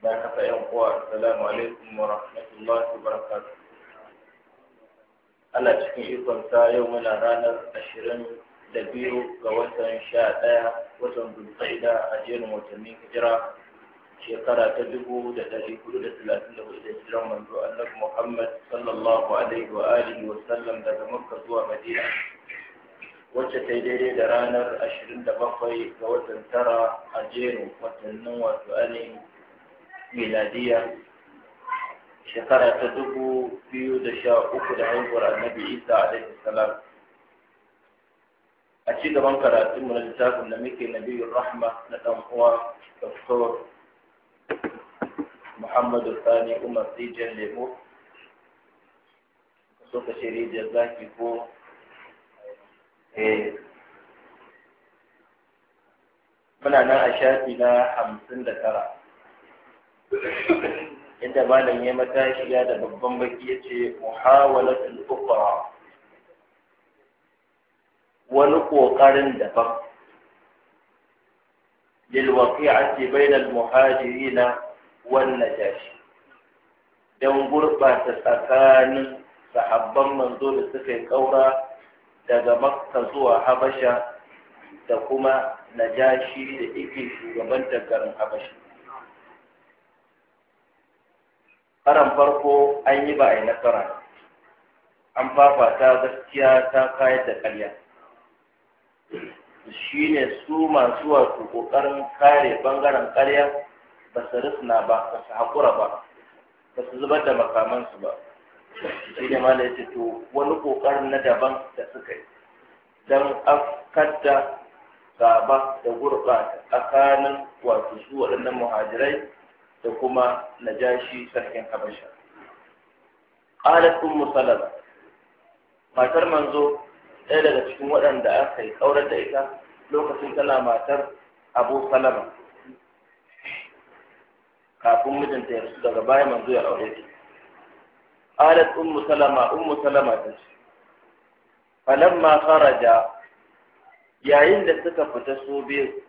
bayan haka yan uwa assalamu alaikum wa rahmatullahi wa barakatuh Allah cikin ikon sa yau muna ranar ashirin da biyu ga watan sha ɗaya watan dulƙaida a jerin watannin hijira shekara ta dubu da ɗari hudu da talatin da hudu da hijiran manzo annabi Muhammad sallallahu alaihi wa alihi wa sallam daga Makka zuwa Madina wacce ta yi daidai da ranar ashirin da bakwai ga watan tara a jerin watannin wato ainihin ميلادية شكرا تدبو فيو دشا أخد عنبر النبي إيسا عليه السلام أشيد منكرا تم نجزاك النميك نبي الرحمة نتنقوى دكتور محمد الثاني أمر سيجا لمو صوت شريد جزاك بو إيه. منعنا أشاد إلى حمسن لترى inda malam ya matashiya da babban baki ya ce muhawalatul ukra wani ƙoƙarin daban lilwaqi'ati muhajirin muhajirina wan najashi Dan gurɓata tsakanin sahabban manzo da suka kaura ƙaura daga makka zuwa habasha da kuma najashi da yake shugabantar garin habasha karan farko an yi ba a yi nasara an fafata gaskiya ta kaya da ƙarya shi ne su masu wato ƙoƙarin kare ɓangaren ƙarya ba su risna ba ba su haƙura ba ba su zubar da makamansu ba shi ne ma ya to wani ƙoƙarin na daban da suka yi don afkar da gaba da gurɓata tsakanin wato su waɗannan muhajirai da kuma najashi sarkin habasha qalat ummu salama matar manzo ɗaya daga cikin waɗanda aka yi kaurar da ita lokacin tana matar abu salama kafin mijinta ya rasu daga baya manzo ya aure ta qalat ummu salama ummu salama ta ce falamma kharaja yayin da suka fita su biyu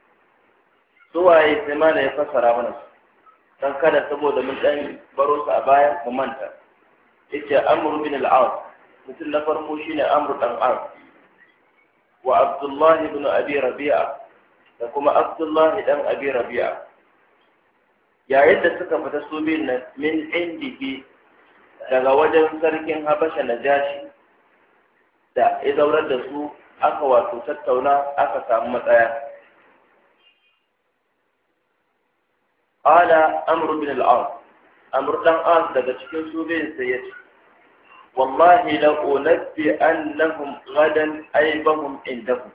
suwaye sai mana ya fassara mana su Don kada saboda mun dan baro su a baya mu manta yace amru bin al-as mutum na farko shine amru dan as wa abdullahi ibn abi rabi'a da kuma abdullahi dan abi rabi'a yayin da suka fita su biyun nan min indiki daga wajen sarkin habasha na jashi da ya zaurar da su aka wato tattauna aka samu matsaya ala amru bin al amru dan as daga cikin su bai sai ce wallahi la unabbi annahum gadan aybahum indakum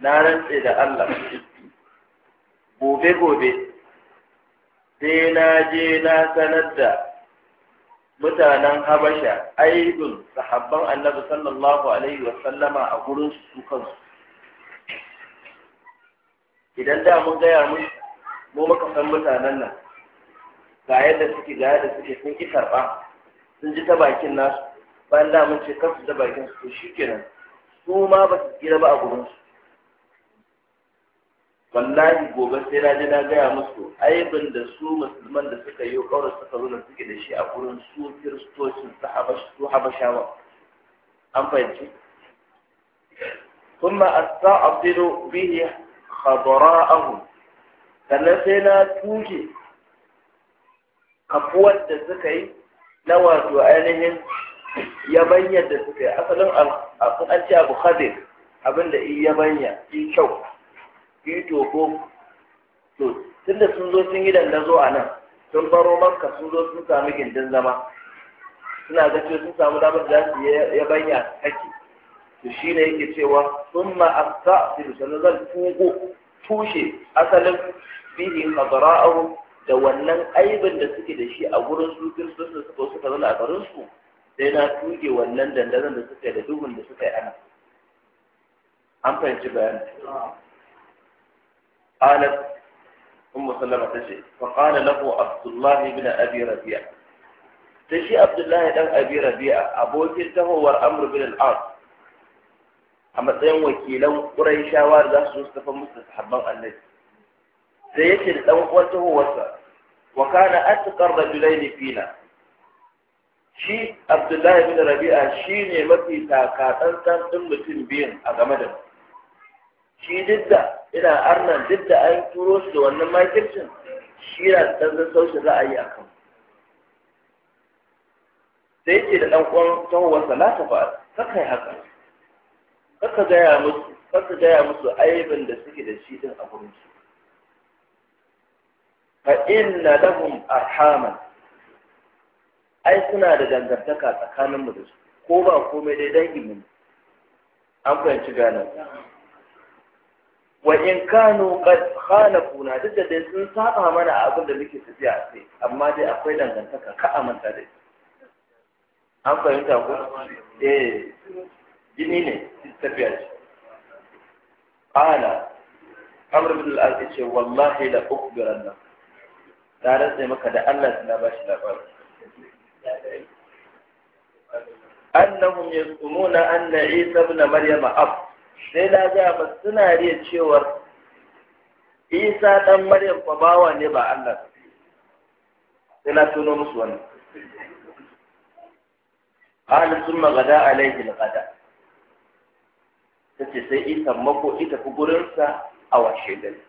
na rantse da Allah gobe gobe sai na je na sanar da mutanen Habasha aibin sahabban Annabi sallallahu alaihi wa sallama a gurin su kansu idan da mun gaya musu mu muka san mutanen nan ga yadda suke ga yadda suke sun ki karɓa sun ji ta bakin nasu bayan da mun ce kansu da bakin su shikenan su ma ba su tsira ba a gurin su wallahi gobe sai na je na gaya musu aibin da su musulman da suka yi ƙaura suka zo da suke da shi a gurin su kiristocin su habashawa an fahimci ثم أستعصر به خضراءهم sannan sai na tushe kafuwar da suka yi na wato ainihin yabanyar da suka yi asalin an ce abu abin abinda in yabanya in kyau in toko to tunda sun zo sun yi dandazo a nan sun baro makka sun zo sun sami gindin zama suna ga cewa sun samu damar da su yabanya kake to ne yake cewa sun ma su sannan zan tuko tushe asalin fihi qadra'ahum da wannan aibin da suke da shi a gurin su sun da suka suka zauna a garin su sai na tuge wannan dandazon da suka yi da duhun da suka yi ana an fahimci bayan qalat ummu sallama tace fa qala lahu abdullah ibn abi rabi'a shi abdullahi dan abi rabi'a abokin tahowar amr bin al-as a matsayin wakilan ƙurayshawa da za su zo su tafi musu sahabban annabi sai yake da ɗan uwan tahowarsa wa kana atqar rajulaini fina shi abdullahi bin rabi'a shi ne mafi takatsantsan ɗin mutum biyun a game da shi duk da ina arnan duk da an turo shi da wannan makircin shi yana da ɗan sauce za a yi a kan sai yake da ɗan uwan tahowarsa na ta fa'a kaka yi haka Ka gaya musu kaka gaya musu aibin da suke da shi din a gurinsu fa inna lahum arhaman ai suna da dangantaka tsakaninmu da su ko ba komai dai dangin mu an fahimci ganin wa in kanu qad khalafuna duk da dai sun saba mana a abin da muke tafiya a sai amma dai akwai dangantaka ka amanta dai an fahimta ko eh jini ne tafiya ce qala amr bin al-as ce wallahi la ukhbiranna ta rantsa maka da Allah na ba shi labari annahum yazumuna anna Isa ibn Maryam ab sai da ga ba suna riya cewa Isa dan Maryam fa bawa ne ba Allah sai na tuno musu wannan qala thumma gada alayhi alqada gada sai Isa mako ita gurin gurinsa a washe gari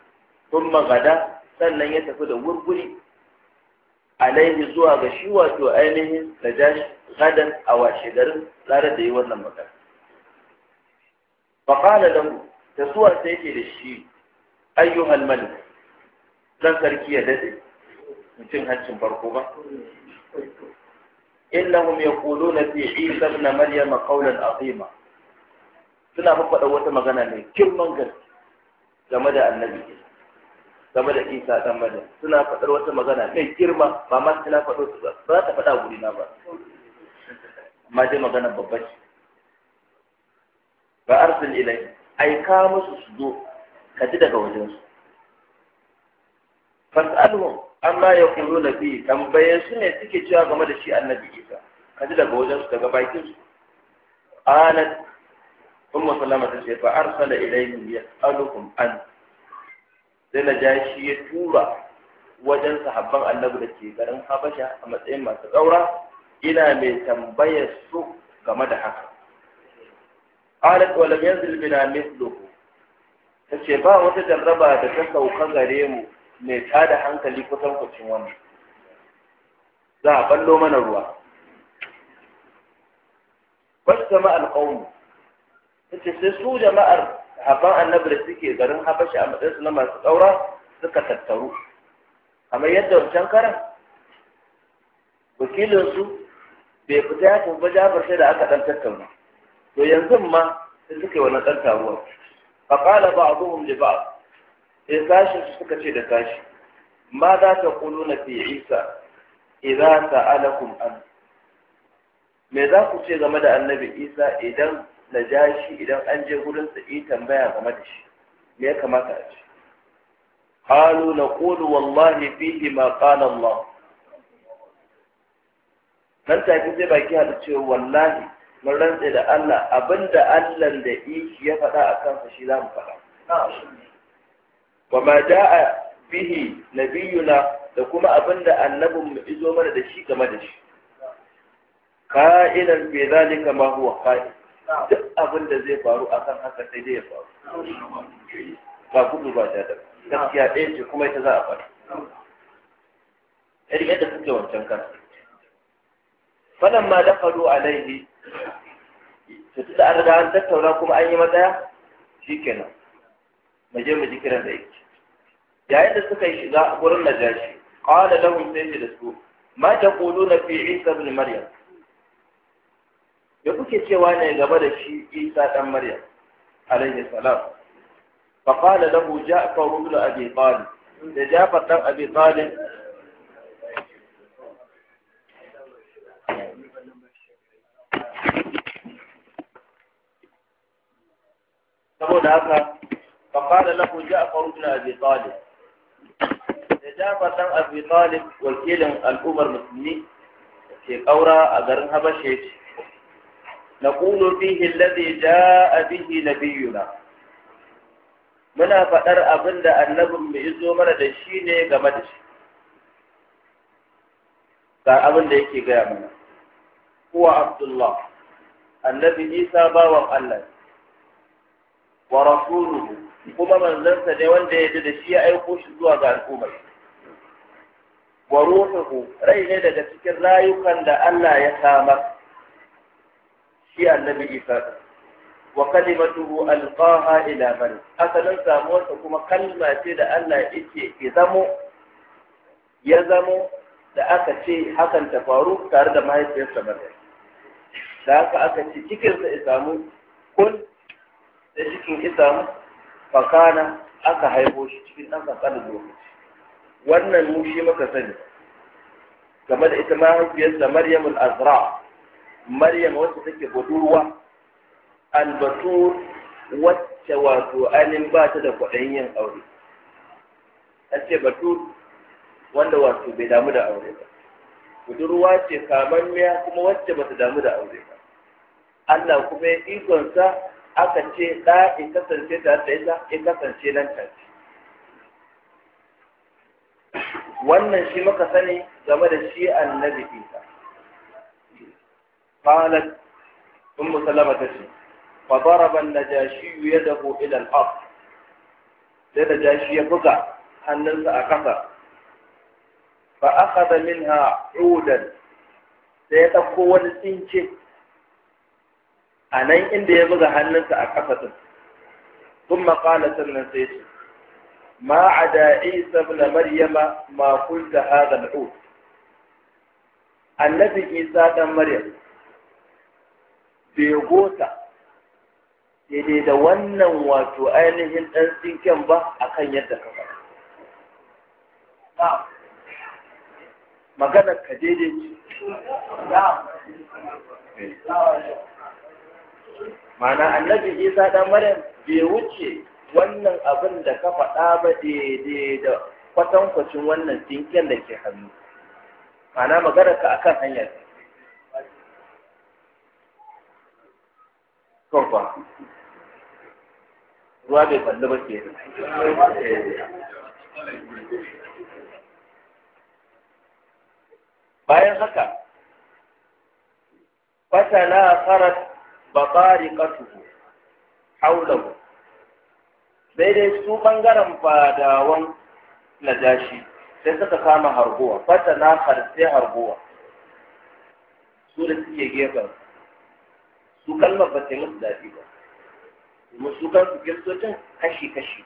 thumma gada sannan ya tafi da wurguri alaihi zuwa ga shi wato ainihin jashi gadan a washe garin tsara da yi wannan magana faƙala lahu da suwa sai yake da shi ayyuhal mali, zan sarki ya daɗe mutum hancin farko ba innahum na fi isa na maryam qawlan azima suna faɗa wata magana mai girman gaske game da annabi game da isa dan maryam suna faɗar wata magana mai girma ba ma suna faɗo su ba ba ta faɗa guri na ba amma dai magana babba ce ba arsil ilai ka musu su zo ka ji daga wajen su fas'alhum amma yaquluna bi tambaye su ne suke cewa game da shi annabi isa ka ji daga wajen su daga bakin su qalat ummu sallama ta ce fa arsala ilaihim yas'alukum an sai na shi ya tura wajen sahabban annabi da ke garin habasha a matsayin masu tsaura ina mai tambayar su game da haka qalat wa lam yanzil bina mithluhu tace ba wata jarraba da ta sauka gare mu mai tada hankali kusan kucin wannan za a ballo mana ruwa fasama alqawm tace sai su jama'ar sahabban annabi da suke garin habashi a matsayinsu na masu tsaura suka tattaru kamar yadda wancan karan wakilinsu bai fita ya tafi jabar sai da aka dan tattauna to yanzu ma sai suka yi wani dan taruwa fa qala ba'dhum li ba'd sai sashin su suka ce da sashi ma za ta na fi isa Idan ta sa'alakum an me za ku ce game da annabi isa idan jashi idan an je gurin sa yi tambaya game da shi me ya kamata a ce qalu naqulu wallahi fihi ma qala Allah nan take sai baki hada cewa wallahi mun rantse da Allah abinda Allah da yi ya faɗa a kansa shi za mu faɗa wa ma bihi nabiyuna da kuma abinda annabin mu izo mana da shi game da shi ka'ilan bi zalika ma huwa qa'il duk abin da zai faru kan haka sai dai ya faru ba gudu ba da gaskiya ɗaya ce kuma ita za a faru irin yadda suke wancan kan falamma dakalu alaihi to tunda an riga an tattauna kuma an yi matsaya shikenan mu je mu ji kiran da yake yayin da suka yi shiga gurin najashi qala lahum sai da su ma taquluna fi isa ibn maryam da kuke cewa ne gaba da shi isa dan maryam alaihi salam fa qala lahu ja'far ibn abi talib da ja'far dan abi talib saboda haka fa qala lahu ja'far ibn abi talib da ja'far dan abi talib wakilin al'ummar musulmi ke kaura a garin habashe نقول فيه الذي جاء به نبينا muna faɗar abinda da mai mu izo da shi ne game da shi ga abin da yake gaya mana kuwa abdullah annabi isa bawan allah wa rasuluhu kuma manzansa ne wanda ya da shi ya aiko shi zuwa ga al'ummar wa ruhuhu rai ne daga cikin rayukan da allah ya samar shi annabi isa din wa kalimatuhu alqaha ila man asalin samuwarsa kuma kalma ce da Allah yake ya zamo ya zamo da aka ce hakan ta faru tare da mahaifiyarsa Maryam da haka aka ce cikinsa ya samu kun da cikin ya fakana aka haibo shi cikin ɗan kankanin lokaci wannan mu shi muka sani game da ita mahaifiyarsa maryamul azra maryam wacce take budurwa albatur wacce wato ainihin ba ta da kwaɗayin yin aure an ce batur wanda wato bai damu da aure ba budurwa ce kamammiya kuma wacce ba ta damu da aure ba Allah kuma ya ikonsa aka ce ɗa in kasance tare da ita in kasance nan tafi wannan shi muka sani game da shi annabi isa قالت أم سلمة تشي فضرب النجاشي يده إلى الأرض لنجاشي يبقى hannunsa a ƙasa fa akhadha minha udan sai ya ɗauko wani tsince a nan inda ya buga hannunsa a ƙasa din thumma qala sannan sai ce ma ada isa ibn maryama ma kunta hadha al-ud annabi isa dan maryam begota daidai da wannan wato ainihin ɗan tsinken ba a kan yadda ka faɗa. Maganar ka daidai ce. Mana annabi Isa ɗan Maryam bai wuce wannan abin da ka faɗa ba daidai da kwatankwacin wannan tsinken da ke hannu. Mana maganar ka akan hanyar. ruwa bai falli ba ke bayan haka fatala farat bakari kasuhu haulahu sai dai su bangaren fadawan najashi sai suka kama harguwa fatala sai harbuwa, su da suke gefen su kalmar ba ta musu daɗi ba kuma su kansu kiristocin kashi-kashi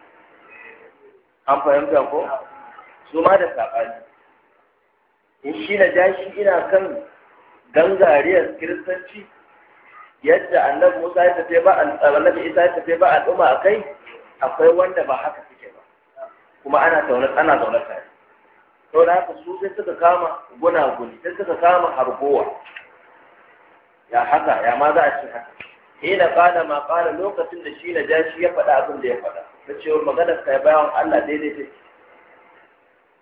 an fahimta ko su ma da saɓani in shi na jashi ina kan gangariyar kiristanci yadda annan musa ya tafi ba annabi isa ya tafi ba al'umma a kai akwai wanda ba haka suke ba kuma ana zaune ana zaune tare to da haka su sai suka kama gunaguni sai suka kama hargowa ya haka ya ma za a ce haka hina qala ma qala lokacin da shi na shi ya faɗa abin da ya faɗa ta cewa maganar kai bayan Allah daidai ce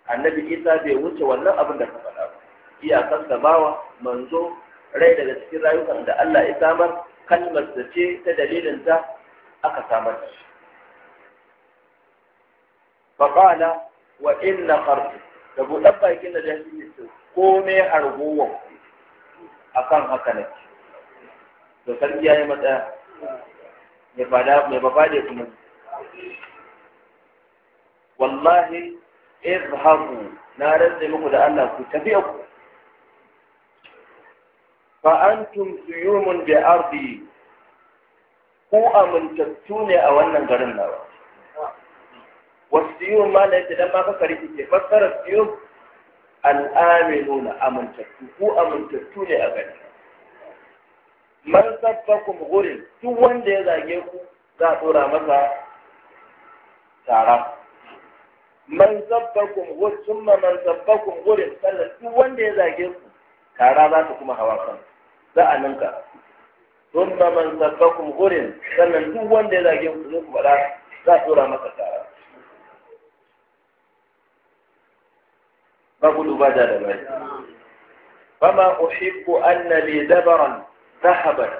annabi Isa bai wuce wannan abin da ka faɗa ba iyakar da bawa manzo rai daga cikin rayukan da Allah ya samar kalmar da ce ta dalilin ta aka samar da shi faqala wa inna qarti da buɗan bakin da jashi ko me harguwan akan haka nake to sarki ya yi matsaya mai fada mai bafade kuma wallahi izhabu na rantsa muku da Allah ku tafi ku fa antum suyumun bi ardi ku amintattu ne a wannan garin wa wasiyun ma da idan ma kaka rikice fassara al al'aminuna amintattu ku amintattu ne a gari man sabbakum gurin duk wanda ya zage ku za a tsora masa tara man sabbakum gurin summa man sabbakum gurin sannan duk wanda ya zage ku tara za ta kuma hawa kan za a ninka summa man sabbakum gurin sannan duk wanda ya zage ku zai faɗa za a tsora masa tara ba gudu ba da da bai fama uhibbu anna li dabaran zahabar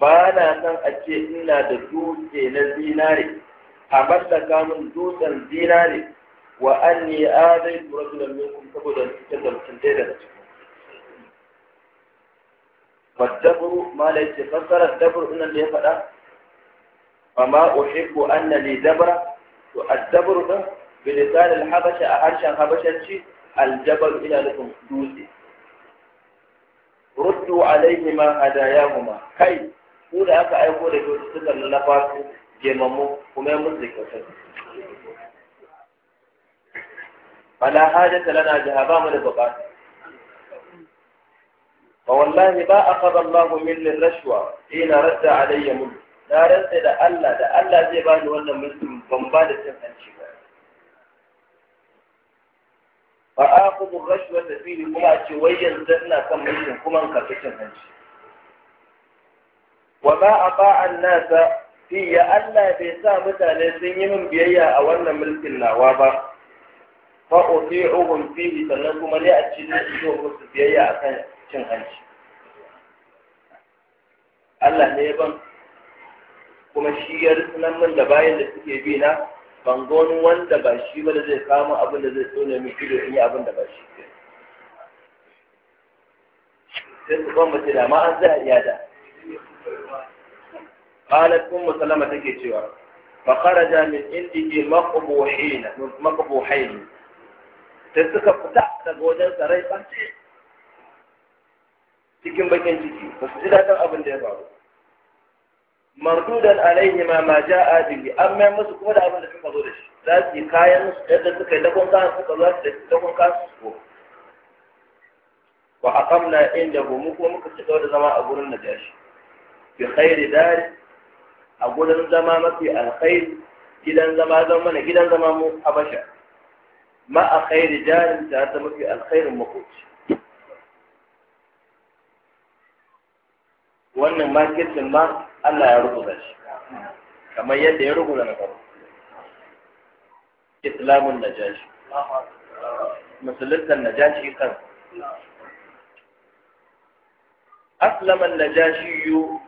ba na san a ce ina da dutse na zinare a balla min dutsen zinare wa an ne adai zai tura su da mekun saboda cikin da mutum ɗaya daga cikin Wadabru, mala yake fassarar dabur ina da ya faɗa? Ba ma uhibbu an na ne dabara, to a dabur ɗin, bilisanin habasha a harshen habashanci, aljabar ina nufin dutse. ruddu alaihima hadayahuma kai ku da aka aiko da su suka lallafa su jemammu kuma ya musu da kyautar fala hajata lana jaha ba mu da bukata fa wallahi ba akhadha Allahu minni rashwa ina radda alayya mun na rantsa da Allah da Allah zai bani wannan mulkin ban ba da cin hanci fa aqudu rashwata fili kuma a ce wai yanzu ina kan mulkin kuma in karɓi cin hanci wa ma ba an-nasa ya Allah bai sa mutane sun yi min biyayya a wannan mulkin nawa ba fa uti'uhum fihi sannan kuma ne a cikin su musu biyayya kan cin hanci Allah ne ban kuma shi ya rufunan min da bayan da suke bi na ban ga wani wanda ba shi ba da zai kama abin da zai tsone min ido in yi abin da ba shi ke sai su ban mace da ma an zai iya da qalat kun salama take cewa fa kharaja min indihi maqbuhin maqbuhain sai suka fita daga wajen sarai ce. cikin bakin ciki ba su ji daɗin abin da ya faru mardudan alaihi ma ma a bihi an mai musu kuma da abin da suka zo da shi za su yi kayan yadda suka yi dakon kayan suka zo su da dakon kayan su ko wa aqamna inda mu kuma muka ci da zama a gurin shi bi khairi dari a gurin zama mafi alkhairi gidan zama zan mana gidan zama mu basha ma a khairi dari ta ta mafi alkhairin makoci wannan makircin ma Allah ya rubuta shi kamar yadda ya rubuta na farko islamun najashi musulunta najashi kan aslaman najashi yu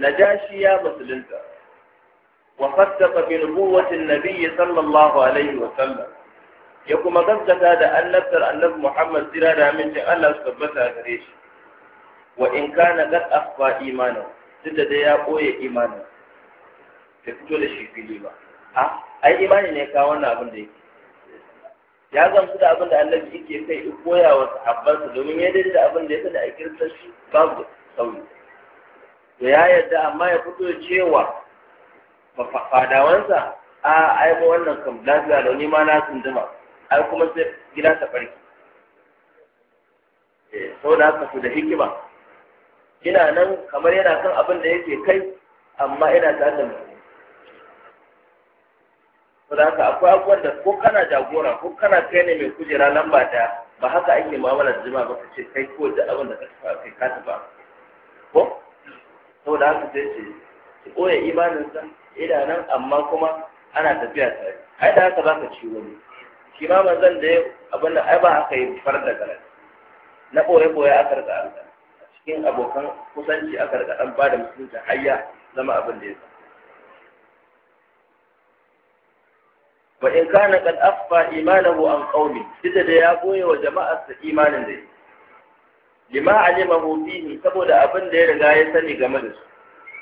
najashi ya musulunta wa fassaka bi nubuwatin nabiyyi sallallahu alaihi wa sallam ya kuma gaskata da an annabtar annabi Muhammad sira da amincin Allah su tabbata gare shi wa in kana qad akhfa imanahu duk da dai ya ɓoye imanin bai fito da shi fili ba a ai imani ne ka wannan abin da yake ya gamsu da abin da annabi yake kai in koya wa sahabbansa domin ya daidai da abin da ya sani a kirkar shi babu sauyi to ya yarda amma ya fito cewa fadawansa a ai ba wannan kam lafiya da ni ma na tsunduma ai kuma sai gida ta eh, Sau da haka su da hikima ina nan kamar yana kan abin da yake kai amma ina tare da mutum da haka akwai abubuwan da ko kana jagora ko kana kai ne mai kujera lamba ɗaya ba haka ake mu'amalar jima ba ka ce kai ko da abin da ka tafi kai ka tafa? ko saboda haka sai ce ki koya san ina nan amma kuma ana tafiya tare ai da haka za ka ci wani shi ma manzon da ya abin da ai ba haka yi farar da na ɓoye-ɓoye a karka cikin abokan kusanci aka riga dan ba da mutum har ya zama abin da ya zama wa in kana qad akhfa imanahu an qaumi duk da ya goye wa jama'ar sa imanin da lima alimahu fihi saboda abin da ya riga ya sani game da su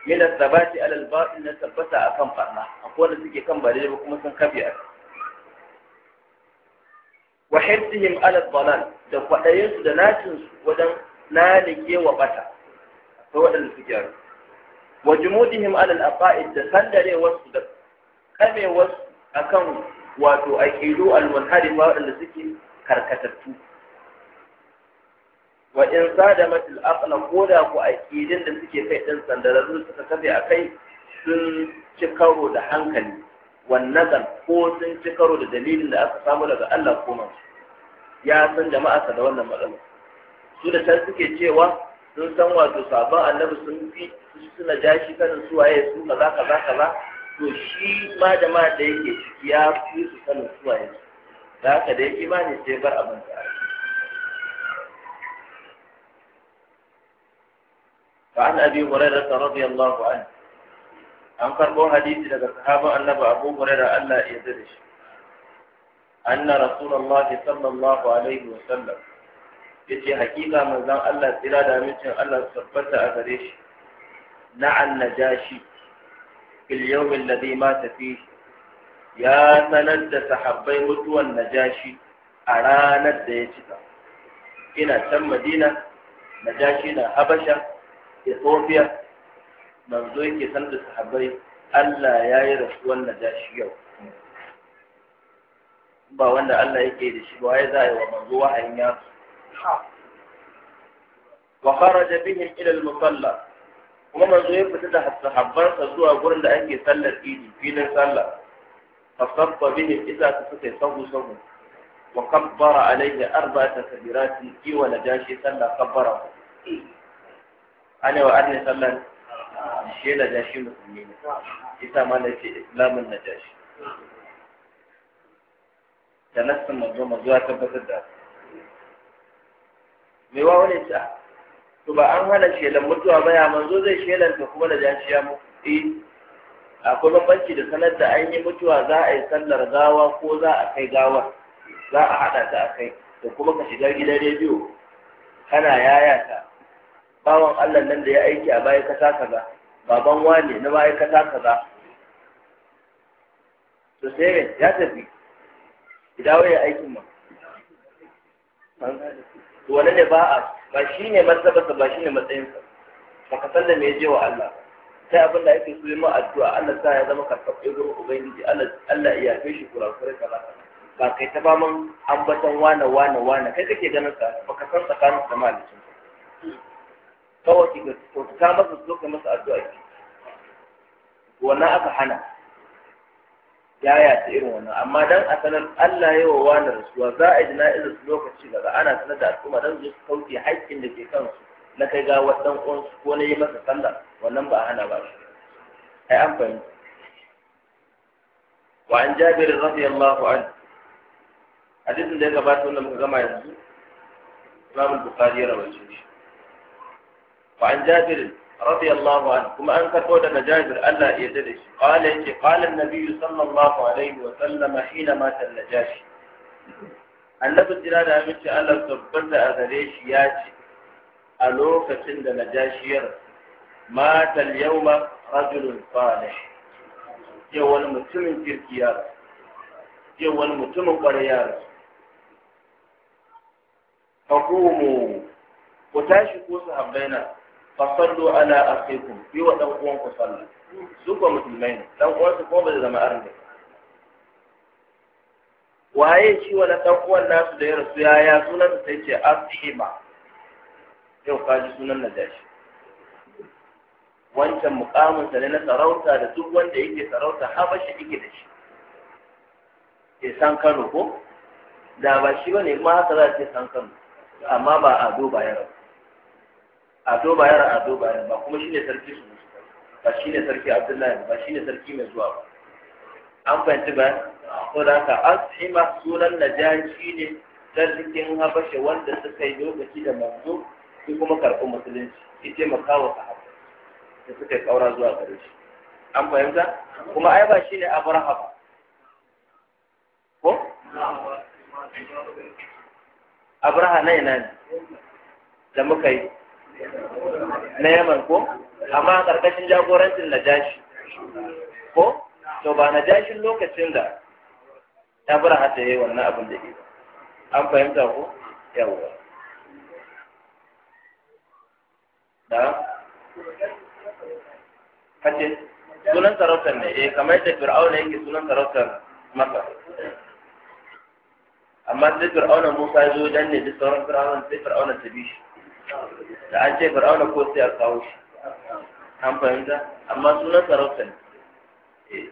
min as-sabati ala al-batil na tabbata akan farna akwai wanda suke kan bare ba kuma sun kafi a wa hirsihim ala dalal da kwadayin su da natin su wajen lalike wa bata ta waɗanda su gyaru wa jumudihim al aqaid da sandare wasu da kame wasu akan wato aqidu al munharifa waɗanda suke karkatattu wa in sadamat al aqla koda ku aqidin da suke kai din su suka kafe akai sun ci karo da hankali wannan ko sun ci karo da dalilin da aka samu daga Allah ko ya san jama'a da wannan matsalar su da can suke cewa sun san wato sabon annabi sun fi suna jashi kanin su waye su kaza kaza kaza to shi ma da ma da yake ciki ya fi su kanin su waye su za ka da ya imani sai bar abin da فعن أبي هريرة رضي الله عنه an karɓo hadisi daga sahaban annaba abu hurairah Allah ya yarda da shi anna rasulullahi sallallahu alaihi wa sallam yace hakika manzon Allah tsira da mutun Allah tabbata a gare shi na'an najashi fil yawm alladhi mata fi ya sanar da sahabbai mutuwan najashi a ranar da ya cika ina can madina najashi na habasha ethiopia manzo yake san da sahabbai allah ya yi rasuwan najashi yau ba wanda allah yake da shi ba ya za a yi wa manzo wa'ayin wa kharaja bihim ila al kuma manzo ya fita da sahabbarsa zuwa gurin da ake sallar idi filin sallah fasabba bihim idza ta suka sahu sahu wa kabbara alayhi arba'ata kabiratin ki wa najashi sallah kabbara ana wa arni sallan shi najashi musulmi ne isa da tabbatar da mai wa wani ta to ba an hana shelan mutuwa ba ya manzo zai ta kuma da jashiya ya eh akwai bambanci da sanar da an yi mutuwa za a yi sallar gawa ko za a kai gawa za a hada ta a kai da kuma ka shiga gidan rediyo kana yaya ta bawan Allah nan da ya aiki a ma'aikata kaza baban wane na ma'aikata kaza to sai ya tafi idan waya aikin ma to wani da ba'a ba shi ne martabarsa ba shi ne matsayinsa ba ka san da me je wa Allah sai abin da ake so yi addu'a Allah sa ya zama karfafe gurin ubangiji Allah ya kai shi kurakurai kaza ba kai ta ba man ambaton wane wane wane kai kake ganin sa ba ka san tsakanin da malicin kawai ki ga to ta masa so ka masa addu'a ki wannan aka hana ya ta irin wannan amma dan a sanar Allah wa wani rasuwa za a ji na'izar su lokaci gaba ana sanar da al'umma dan su su kauce haƙƙin da ke kansu na kai ga wannan uwansu ko na yi masa sallah wannan ba a hana ba shi ai an fahimta wa an jabir radiyallahu anhu hadisin da ya gabata wannan muka gama yanzu imam al-bukhari ya rawaito shi wa an jabir radiyallahu anhu kuma an karbo daga Jabir Allah ya yarda da shi qala yace qala an-nabiy sallallahu alaihi wa sallam hina mata an-najashi annabi jira da aminci Allah tabbata a gare shi ya ci a lokacin da najashiyar mata al-yawma rajulun mutumin ya rasu mutumin ku tashi ko sahabbaina fasallu ala akhikum fi wa dan uwan ku sallu su ko musulmai ne dan uwan su ko ba zama arne waye shi wani dan uwan nasu da ya rasu ya ya sunan sai ce asima yau ka ji sunan na shi. wancan muqamin sa ne na sarauta da duk wanda yake sarauta habashi yake da shi ke san Kano ko da ba shi bane ma haka za a ce san Kano amma ba a ba ya rasu A ba yara ado ba ba kuma shine sarki su ba shine sarki abdullahi ba shine sarki mai zuwa ba an fahimci ba ko da haka ma sunan najashi ne sarkin habasha wanda suka yi lokaci da manzo su kuma karɓi musulunci ya taimaka wa sahabbai da suka yi ƙaura zuwa gare shi an fahimta kuma ai ba shine abraha ba ko abraham na ina ne da muka yi na yaman ko amma a ƙarƙashin jagorancin jashi, ko to ba na jashin lokacin da ta bura hata yi wannan abin da ke an fahimta ko yawon da kace sunan sarautar ne eh kamar da fir'auna yake sunan sarautar masa amma sai fir'auna musa zo dan ne da sauran fir'auna sai fir'auna ta bi shi da an ce fir'auna ko sai a kawo shi an fahimta amma sunan sarauta ne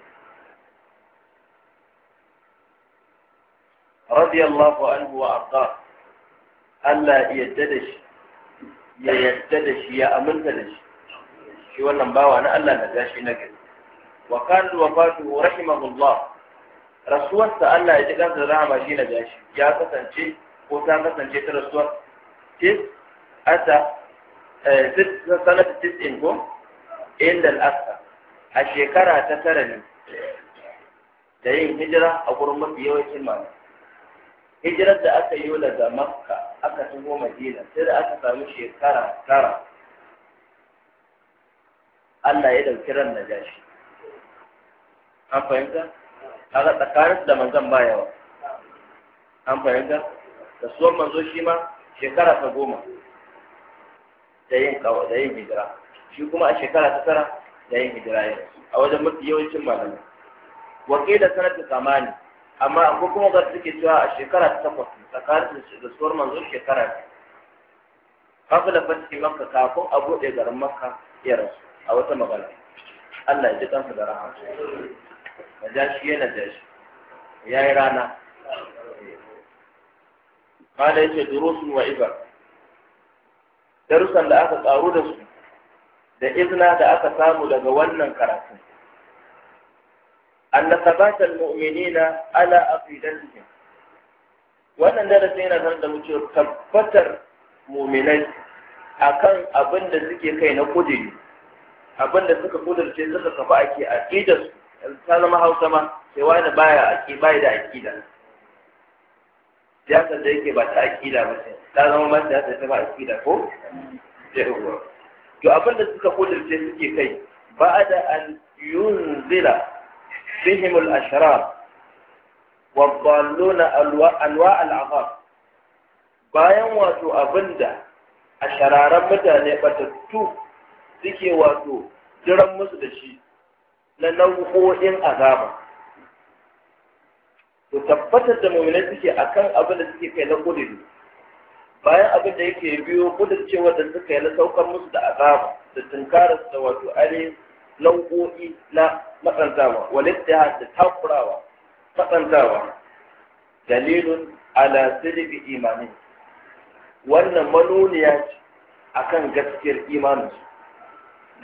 رضي الله عنه وأرضاه ألا يتدش يتدش يا أمن تدش شو ولا مباوى أنا ألا نتدش نجد وكان وفاته رحمه الله رسول الله ألا يتدش رحمه شيء نتدش جاء فتنجي وتابع فتنجي رسول كيف asa eh, sanata tis'in ko inda al'asa a shekara ta tara ne da yin hijira a gurin mafi yawancin malamai hijirar da aka yi daga makka aka taho madina sai da aka samu shekara tara Allah ya ɗauki ran na jashi an fahimta kaga tsakanin da manzan ba yawa an fahimta da suwan manzo shi ma shekara ta goma da yin da yin hijira shi kuma a shekara ta tara da yin hijira ya a wajen mafi yawancin malamai wakila sanatu samani amma akwai kuma ga suke cewa a shekara ta takwas tsakanin da suwar manzon shekara ne kafin fasiki maka kafin a buɗe garin maka ya rasu a wata magana Allah ya ji kansa da rahama najashi yana jashi ya yi rana ما ليس دروس وعبر darussan da aka tsaro da su da izina da aka samu daga wannan karatu an nasabata almu'minina ala aqidatihim wannan darasin yana sanar da muke tabbatar mu'minai akan abin da suke kai na kudiri abin da suka kudirce suka kafa ake aqidar su ta zama hausa ma sai wani baya da aqida Siyasa da yake ba ta aƙida ba ce ta zama ma siyasa ta ba aƙida ko yawwa to abin da suka kudurce suke kai da an yunzila bihim al-ashrar wa dhalluna na al Afar, bayan wato abin da a shararan mutane batattu suke wato jiran musu da shi na nau'o'in azaba to tabbatar da mu'minai suke akan abin da suke kai na kudiri bayan abin da yake biyo kudin cewa da suka yi na saukar musu da azaba da tunkarar da wato ainihin nau'o'i na matsantawa walitta da takurawa matsantawa dalilun ala sirri imani wannan manoniya ce a kan gaskiyar imanin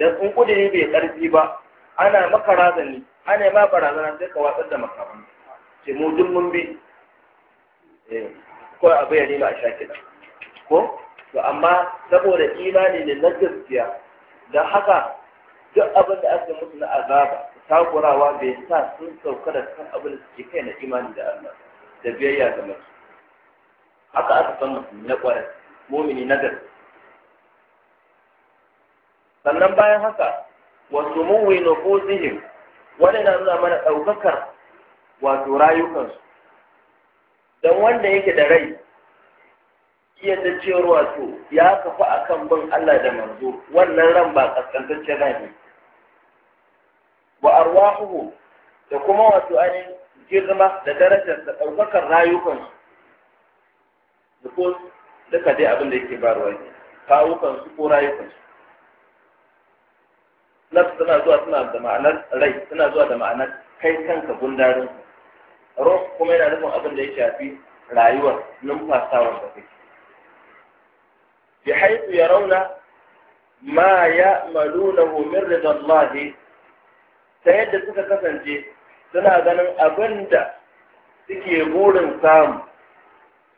dan in kudiri bai karfi ba ana maka razani ana ma barazana sai ka watsar da makaman ce mu duk mun bi eh, ko a bayani ma a shakin ko to amma saboda imani ne na gaskiya da haka duk abin da aka musu na azaba takurawa bai sa sun sauka da kan abin da suke kai na imani da Allah da biyayya ga mutum haka aka san mutum na kwarai mumini na gaskiya sannan bayan haka wasu ko nufusihim wani na nuna mana ɗaukakar wato rayukansu don wanda yake da rai iya da cewar wato ya kafa a kan bin Allah da manzo wannan ran ba kaskantaccen rai ne wa arwahuhu da kuma wato ainihin girma da darajar da ɗaukakar rayukansu da ko duka dai abin da yake barwa ne kawukansu ko rayukansu nafsu tana zuwa tana da ma'anar rai tana zuwa da ma'anar kai kanka gundarinsu ruh kuma yana nufin abin da ya shafi rayuwar numfasawar da take bi ya yarawna ma ya'malunahu min ridallahi ta yadda suka kasance suna ganin abinda da suke burin samu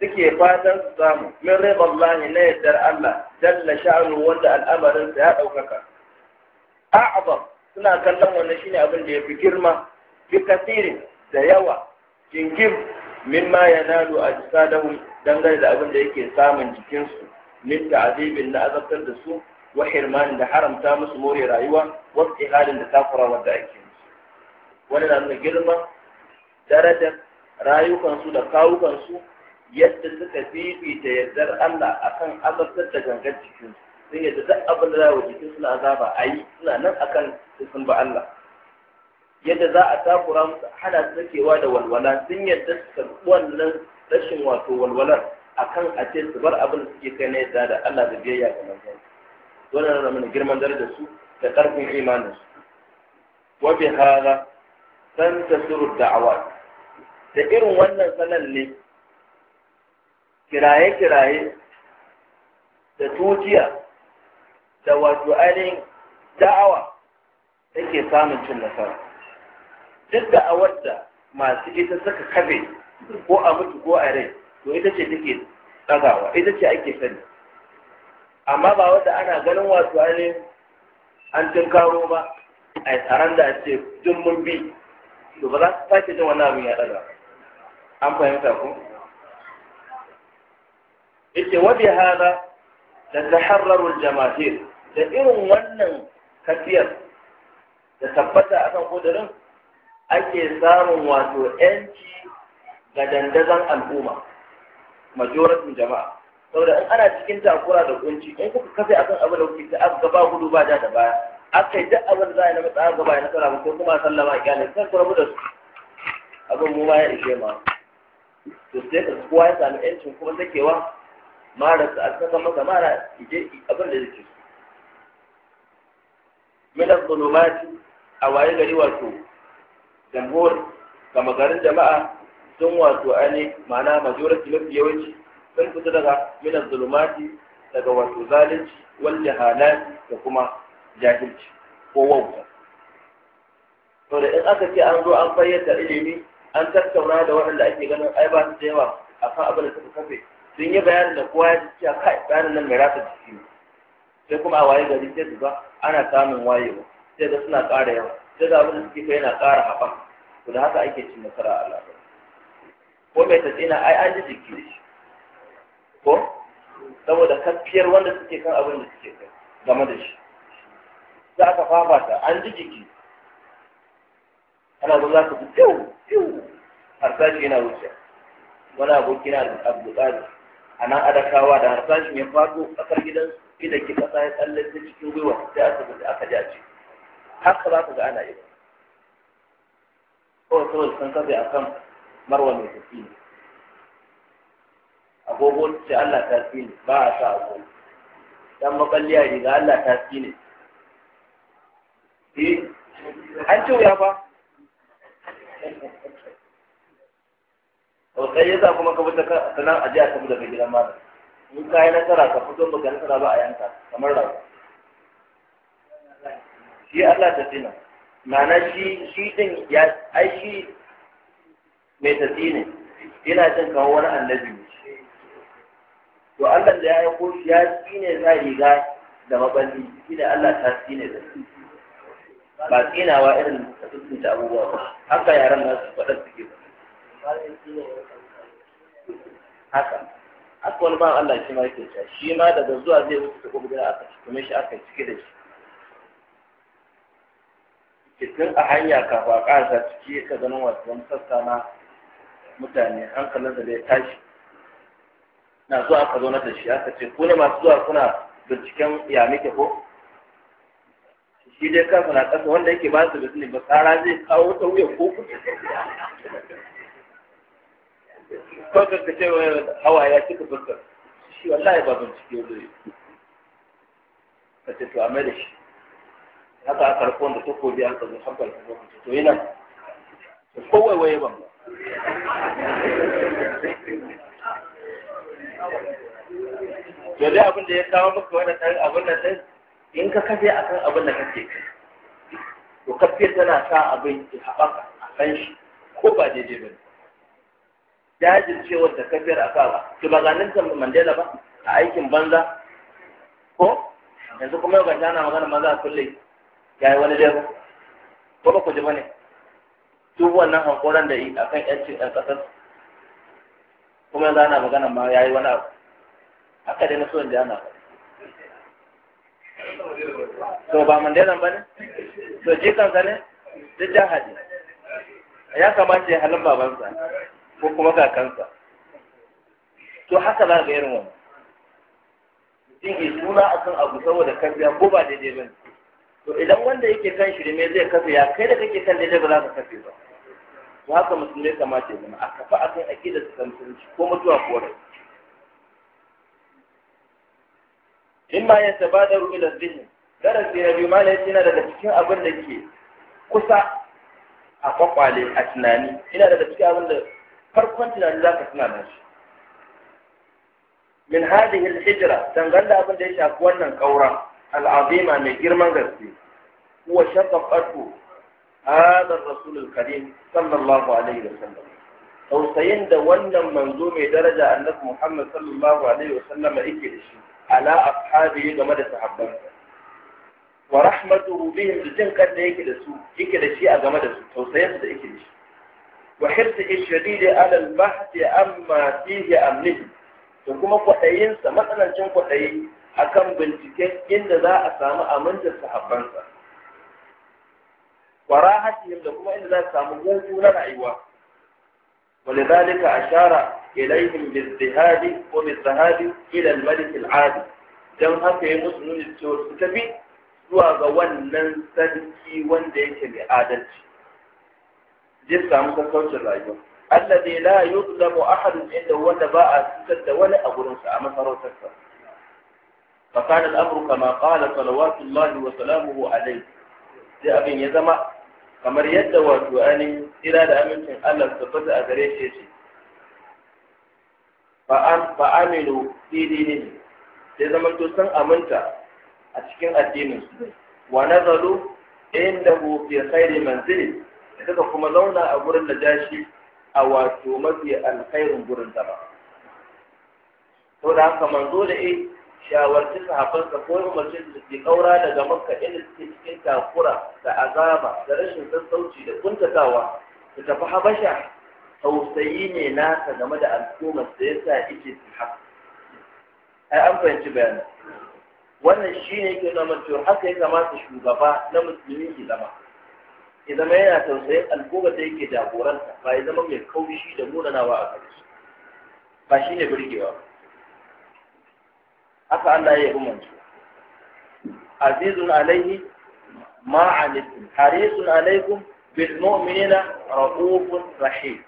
suke fatan su samu min ridallahi na yardar Allah jalla sha'anu wanda al'amarin sa ya ɗaukaka. a'zam suna kallon wannan shine abin da yafi girma bi kasirin da yawa jinkim mimma yanalu ajsadahum dangane da abin da yake samun jikinsu min ta'azibin na azabtar da su wa hirman da haramta musu more rayuwa wasu ihalin da takurawa da ake musu wani na nuna girma darajar rayukansu da kawukansu yadda suka fifita yardar Allah akan azabtar da gangar jikinsu sun yadda duk abin da za wa jikinsu na azaba a yi suna nan akan sun ba Allah yadda za a takura musu hana su sakewa da walwala sun yadda su karɓi wannan rashin wato walwalar akan a ce su bar abin da suke kai na yadda da Allah da biyayya ga manzon dole na mana girman darajar su da ƙarfin imanin su wa bi hada san tasuru da'awa da irin wannan sanan ne kiraye-kiraye da tutiya da wato ainihin da'awa take samun cin nasara duk da awarta masu ita saka kabe ko a mutu ko a rai to ita ce take tsagawa ita ce ake sani amma ba wanda ana ganin wasu ne an tunkaro ba a yi taron da ce duk mun bi to ba za su sake jin wani abin ya daga an fahimta ko Ita wabi hada da taharraru al-jamaahir da irin wannan kafiyar da tabbata akan kudurin ake samun wato ‘yanci ga dandazon al'umma majoratin jama'a saboda in ana cikin takura da kunci in kuka kafe akan abin da kuke ta abu gaba gudu ba da baya aka yi duk abin da za a yi na matsa gaba ya nasara ba ko kuma sallama a kyalin kan ku rabu da su abin mu ma ya ishe ma to sai ka kowa ya sami ‘yancin kuma sakewa mara su a saka masa mara ije abin da yake so. Minas a waye gari wato jamhur kama garin jama'a sun wato ani ma'ana majority mafi yawanci sun fita daga minan zulumati daga wato zalunci wal jahalat da kuma jahilci ko wauta to da in aka ce an zo an fayyata ilimi an tattauna da waɗanda ake ganin ai ba su da yawa akan abin da suka kafe sun yi bayanin da kowa ya a kai bayanin nan mai rasa jiki ne sai kuma a waye gari sai su ba ana samun wayewa sai ga suna ƙara yawa sai ga abin da suke kai yana ƙara haɓaka to da haka ake cin nasara a al'amari ko mai tsina ai an ji jiki da shi ko saboda kafiyar wanda suke kan abin da suke kai game da shi za aka fafata an ji jiki ana zo za ka fi fiw fiw harsashi yana wuce wani aboki na abdulkadir a nan adakawa da harsashin ya fado kasar gidan gida ki kasa ya tsallace cikin gwiwa sai asibiti aka jace haka za ku ga ana yi kawai kawai sun kafe a kan marwa mai tafi ne agogo ce Allah ta fi ne ba a sa agogo dan makalliya ne ga Allah ta fi ne eh an ce wuya ba sai yasa kuma ka fita sanan aje a tafi daga gidan mata in ka yi nasara ka fito baka nasara ba a yanka kamar rawa shi Allah ta fi ma'ana shi shi din ya ai shi mai tafi ne yana jin kawo wani annabi to Allah da ya yi ko shi ya tsine za riga da maballi shi da Allah ta ne da shi. ba tsinawa irin ta da abubuwa ba haka yaran na su faɗa suke ba haka haka wani ba Allah shi ma yake shi ma daga zuwa zai wuce ta gobe da aka ci kuma shi aka cike da shi tun a hanya kafa a ƙasa ciki ya ganin wasu wani sassa na mutane hankalin da zai tashi na zuwa ka zo na da shi aka ce ne masu zuwa kuna binciken ya muke ko shi dai kansa na ƙasa wanda yake ba su bisni ba tsara zai kawo ta wuya ko ko ka ce hawa ya cika fuskar shi wallahi ba bincike zai ka ce to a mai da shi haka aka karɓi wanda takobi an kazo lokacin, to yana wai waye ba to dai abin da ya kawo maka wani ɗan abin nan din in ka kafe a kan abin da kake kai to kafe tana sa abin ya haɓaka a kan shi ko ba daidai ba ne jajircewar da kafiyar a ba, ki ba ganin ta Mandela ba a aikin banza ko yanzu kuma yau ga jana magana maza kullum ya yi wani dai ko ba ku ji bane duk wannan hankoran da yi akan yancin ɗan ƙasar kuma yanzu ana magana ma ya yi wani abu haka dai na so in ji ana to ba mandela ba ne to kansa ne duk haji ya kamata ya halin babansa ko kuma kakansa to haka za ga irin wannan in suna akan abu saboda karbiya ko ba daidai ba to idan wanda yake kan shirme zai kafe ya kai da kake kan da ba za ka kafe ba to haka musulmai kamata ya zama a kafa akan aqidar su kan musulunci ko mutuwa ko rai ma ya tabadaru ila dhihn darasi na ma malai yana daga cikin abin da ke kusa a kwakwale a tunani ina daga cikin abin da farkon tunani za ka tuna da shi min hadihi hijira dangane da abin da ya shafi wannan kauran al'azima mai girman gaske huwa shaqaqatu hadha ar-rasul al-karim sallallahu alaihi wasallam tausayin da wannan manzo mai daraja annabi Muhammad sallallahu alaihi wasallam yake da shi ala ashabihi game da sahabbansa wa rahmatuhu bihim da jin da yake da su yake da shi a game da su wa hirsihi shadidi ala al-bahth amma fihi amnihi da kuma kwadayin sa matsanancin kwadayi akan binciken inda za a samu amintar sahabbansa wara hatihim da kuma inda za a samu hutu na rayuwa ولذلك أشار إليهم بالذهاب وبالذهاب إلى الملك العادي don haka ya musu nuni cewa su tafi zuwa ga wannan sarki wanda yake mai adalci zai samu sassaucin rayuwa Allah ne la yuzlamu ahadun inda wanda ba a da wani a gurinsa a masarautarsa فكان الأمر كما قال صلوات الله وسلامه عليه sai abin ya zama kamar yadda wato ainihin tsira da amincin Allah su tabbata a gare shi ce fa aminu fi dinihi sai zaman to sun aminta a cikin addinin su wa nazalu indahu fi khairi manzili suka kuma zauna a gurin da jashi a wato mafi alkhairin gurin zama to da haka manzo da eh shawarci sahabbansa ko umarci da ke kaura daga makka inda suke cikin takura da azaba da rashin sassauci da kuntatawa su tafi habasha tausayi ne nasa game da al'ummar da yasa ike su haka ai an fahimci bayanin wannan shi ne ke zama cewa haka ya kamata shugaba na musulmi ke zama ya zama yana tausayin al'ummar da yake jagoranta ba ya zama mai kaushi da munanawa a gare ba shi ne birgewa ba haka Allah ya yi manzo azizun alaihi ma alaikum harisun alaikum bil mu'minina raufun rahim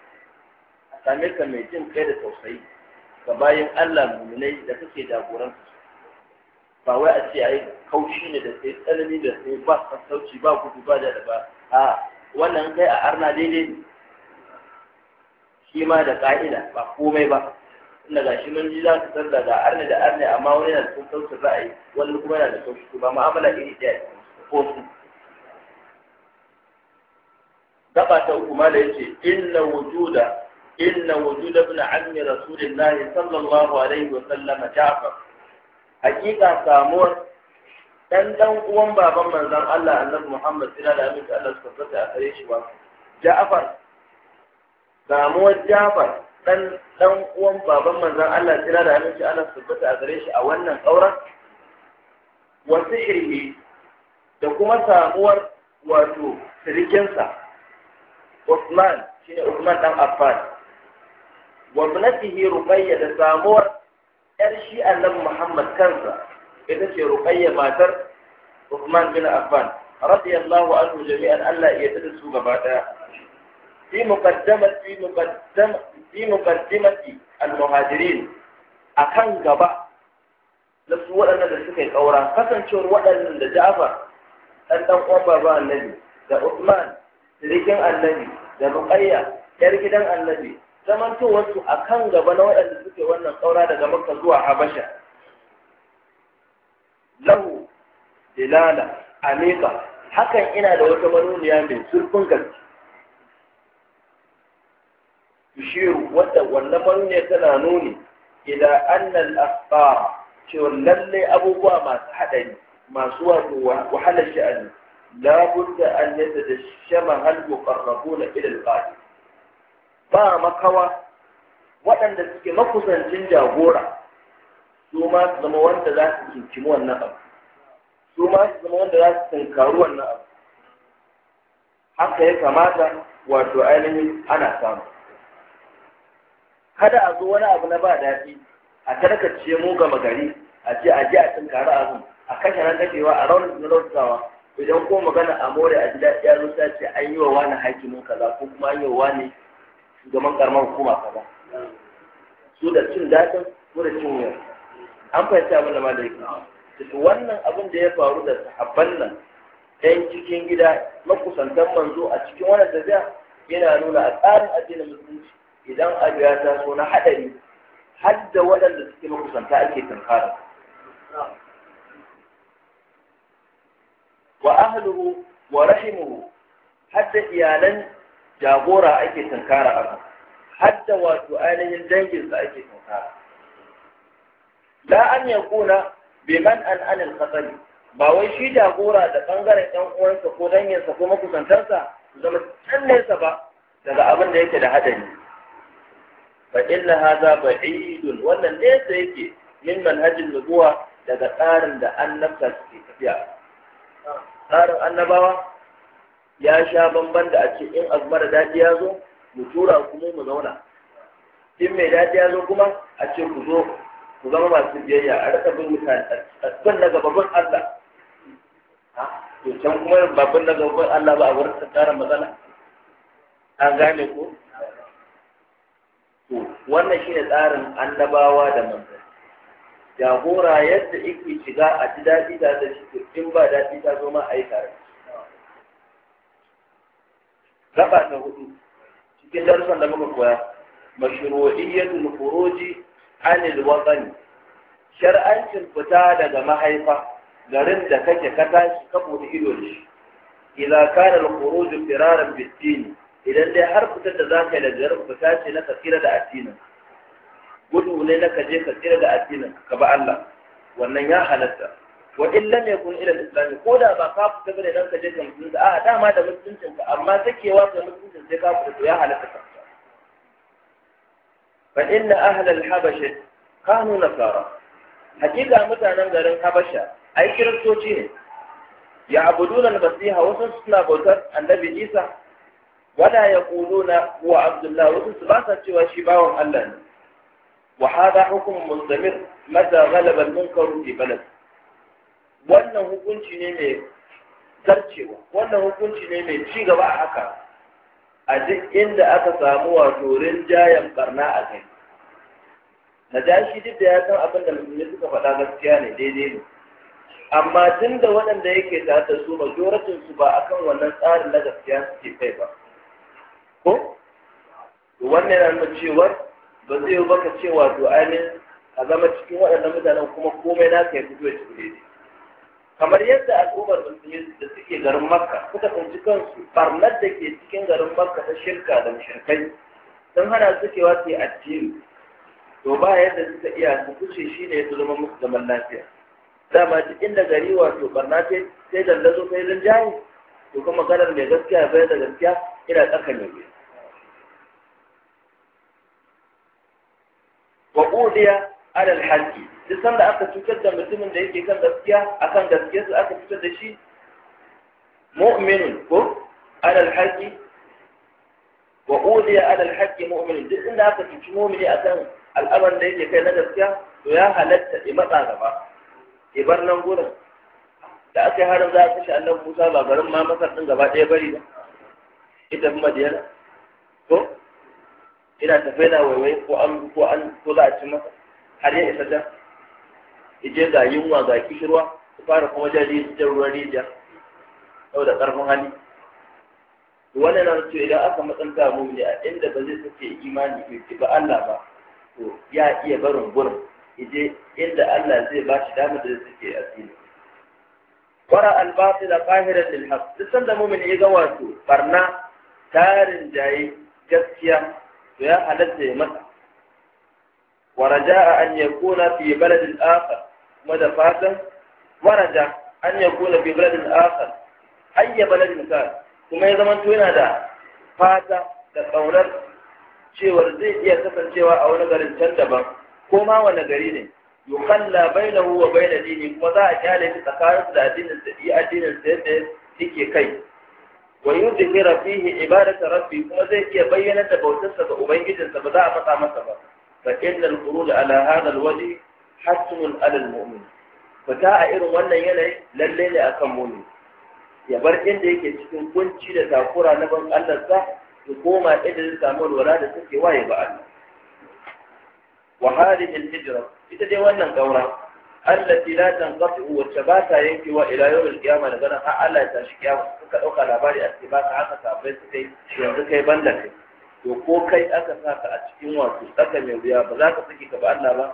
same ka mai jin kai da tausayi ga bayan Allah mu'minai da kake jagoran ba wai a ce ai kaushi ne da sai tsanani da sai ba sassauci ba gudu ba da ba a wannan kai a arna daidai ne shi ma da ka'ida ba komai ba inda ga shi mun ji za su sanda ga arne da arne amma wani yana da sauƙin ra'ayi wani kuma yana da sauƙi ba mu'amala iri ɗaya ko su gaba ta uku ma da yace inna wujuda inna wujuda ibn ammi rasulillahi sallallahu alaihi wa sallam ja'far hakika samuwar dan dan uwan baban manzon Allah annabi Muhammad sira da aminci Allah su tabbata a kare shi ba Ja'far samuwar Ja'far dan dan uwan baban manzon Allah kira da aminci ana tabbata a gare shi a wannan kauran wa sihrihi da kuma samuwar wato sirikinsa Usman shine Usman dan Affan wa ibnatihi Ruqayyah da samuwar yar shi annabi Muhammad kansa ita ce Ruqayyah matar Usman bin Affan radiyallahu anhu jami'an Allah ya tada su gaba daya في مقدمة في مقدمة في مقدمة المهاجرين أكن جبا لسوا لنا لسكي أورا فكن شور وأنا لجعفر أن أقوم بابا النبي da usman sirikin annabi da Rukayya, yar gidan annabi zamantowarsu a kan gaba na waɗanda suke wannan ƙaura daga Makka zuwa Habasha lahu dilala amika hakan ina da wata manuniya mai zurfin gaske tushiru wanda wannan manuniya tana nuni ila annal akhbar cewa lalle abubuwa masu hadari masu wato wahalar sha'ani la budda an yatadashshama hal muqarrabuna ila al-qadi ba makawa waɗanda suke makusancin jagora su ma su zama wanda za su kinkimi wannan abu su su zama wanda za su tunkaru wannan abu haka ya kamata wato ainihin ana samu kada a zo wani abu na ba daɗi a tarkace mu gama gari a ce a ji a tunkari abu a kashe ran kashewa a raunin na rautawa idan ko magana a more a ji daɗi ya zo ta ce an yi wa wani hakimin kaza ko kuma an yi wa wani shugaban karamar hukuma kaza su da cin daɗin ko da cin wuya an fahimci abin da malai cikin wannan abin da ya faru da sahabban nan ɗan cikin gida makusantan manzo a cikin wani tafiya yana nuna a tsarin addinin musulunci idan abu ya taso na haɗari har da waɗanda suke makusanta ake tunkara wa ahluhu wa rahimuhu har da iyalan jagora ake tunkara abu har da wato ainihin danginsa ake tunkara la an yakuna man an anil khatari ba wai shi jagora da bangaren yan uwansa ko danginsa ko makusantarsa zama can nesa ba daga abin da yake da hadari fa inna hadha ba'idun wannan nesa yake min manhajin nubuwa daga tsarin da annabta suke tafiya tsarin annabawa ya sha bamban da a ce in azmar daɗi ya zo mu tura kuma mu zauna in mai daɗi ya zo kuma a ce ku zo ku zama masu biyayya a rika bin mutane a bin na gababan Allah to can kuma babban na gababan Allah ba a wurin tsarin matsala an gane ko to wannan ne tsarin annabawa da manzanni jagora yadda ike shiga a ji daɗi da da shi in ba daɗi ta zo ma a yi tare gaba ta hudu cikin darussan da muka koya mashru'iyyatul khuruji anil watsani, shar'ancin fita daga mahaifa garin da kake ka tashi ka da ido da shi idan kanar al-khuruj firaran idan dai har fitar da za ka yi daga garin fita ce na kasira da addinin gudu ne na kaje kasira da addinin ka ba Allah wannan ya halatta wa illa ne kun ila islami ko da ba ka fita bane dan kaje kan da a dama da musuluncin ka amma sakewa da musuluncin sai ka fita ya halatta ka fa inna ahla al habash kanu nasara hakika mutanen garin habasha ai kiristoci ne ya abudu al-masiha wasu suna bautar annabi isa wala yaquluna huwa Abdullahi wasu su ba cewa shi bawan Allah ne wa hada hukumun mustamir mata ghalaba al-munkaru fi balas. wannan hukunci ne mai zarcewa wannan hukunci ne mai ci gaba a haka a duk inda aka samu wato rinjayen barna a kai na jashi duk da ya san abin da musulmi suka faɗa gaskiya ne daidai ne amma tun da waɗanda yake tare da su majoratin su ba akan wannan tsarin na gaskiya suke kai ba ko wannan yana nuna cewa ba zai yi baka cewa to ainihin a zama cikin waɗannan mutanen kuma komai naka yi fito ya ci daidai kamar yadda al'ummar musulmi da suke garin makka suka tsinci kansu barnar da ke cikin garin makka ta shirka da mushrikai sun hana su kewa su yi addini to ba yadda suka iya su kuce shi ne su zama musu zaman lafiya dama duk inda gari wato barna sai dallazo sai rinjaye to kuma kalar mai gaskiya bai da gaskiya ina tsaka ne wa udiya ala alhaqi duk sanda aka cutar da mutumin da yake kan gaskiya akan gaskiya su aka cutar da shi mu'minun ko ala alhaqi wa udiya ala alhaqi mu'minun duk inda aka cuci mu'mini akan al'amarin da yake kai na gaskiya to ya halatta ya matsa gaba ya bar nan gurin da aka yi harin za a kashe annabi musa ba garin ma masar ɗin gaba ɗaya bari ba ita fi yana to ina tafai na waiwai ko an ko an ko za a ci masa har ya isa can ije ga yunwa ga kishirwa ku fara kuma jan ruwan rijiya da ƙarfin hali wannan na ce idan aka matsanta mu ne a inda ba zai sake imani bai ci ba Allah ba to ya iya barin gurin ije inda Allah zai ba shi damar da zai sake asiri wara da qahiran lil haqq duk sanda mumin ya ga wato barna tarin jayi gaskiya to ya halatta ya masa ورجاء أن يكون في بلد آخر ماذا فاتن ورجاء أن يكون في بلد آخر أي بلد كان kuma ya zama tuna da fata da ƙaunar cewar zai iya kasancewa a wani garin can daban ko ma wani gari ne yuqalla bainahu wa bain dini kuma za a kyale shi tsakanin da addinin da iya addinin sa yadda yake kai wa yudhira fihi ibadatu rabbi kuma zai iya bayyana da bautarsa ga ubangijinsa ba za a matsa masa ba fa innal khuruj ala hadha alwaji hasmun ala almu'min fita a irin wannan yanayi lalle ne akan mu'min ya bar inda yake cikin kunci da takura na ban Allah sa ya koma inda zai samu walwala da take waye ba Allah wa hadhihi al ita dai wannan kaura allati la tanqati wacce ba ta yankewa ila yawmil da ganin har Allah ya tashi kiyama suka dauka labari a ba ka aka sabai su kai yanzu kai banda kai ko kai aka saka a cikin wato tsaka mai wuya ba za ka saki ka ba Allah ba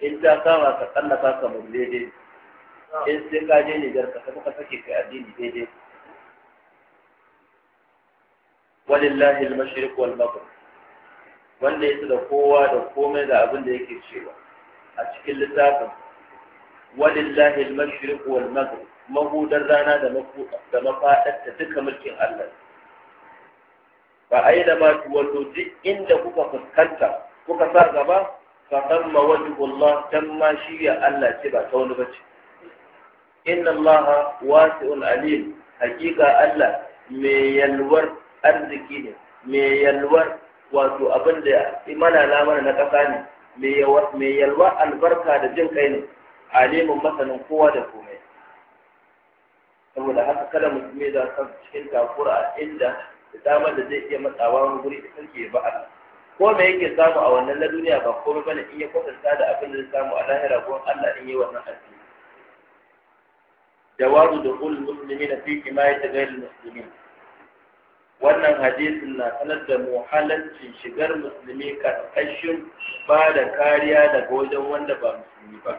in ta kama ka tsallaka ka mun daidai in sai ka je Nijar ka tafi ka saki kai addini daidai walillahi al-mashriq wanda yake da kowa da komai da abin da yake cewa a cikin littafin walillahi al-mashriq wal maghrib mahudar rana da da mafadar ta duka mulkin Allah fa ba ma tuwallu duk inda kuka fuskanta kuka sa gaba fa tamma wajhullah tamma shi ya Allah ce ba ta wani bace inna Allah wasi'un alim hakika Allah mai yalwar arziki ne mai yalwar wato abin da imana na mana na ƙasa ne mai yalwa albarka da jin kai ne neman masanin kowa da komai saboda haka kada musulmi da san cikin takura inda da damar da zai iya matsawa wani guri da sarki ya ba'a ko me yake samu a wannan na duniya ba komai bane in ya kwatanta da abin da zai samu a lahira ko Allah in yi wannan addini jawabu da kullu muslimina fi himayati ghayril muslimin wannan hadisin na sanar da mu halaccin shigar musulmi karkashin ba da kariya daga wajen wanda ba musulmi ba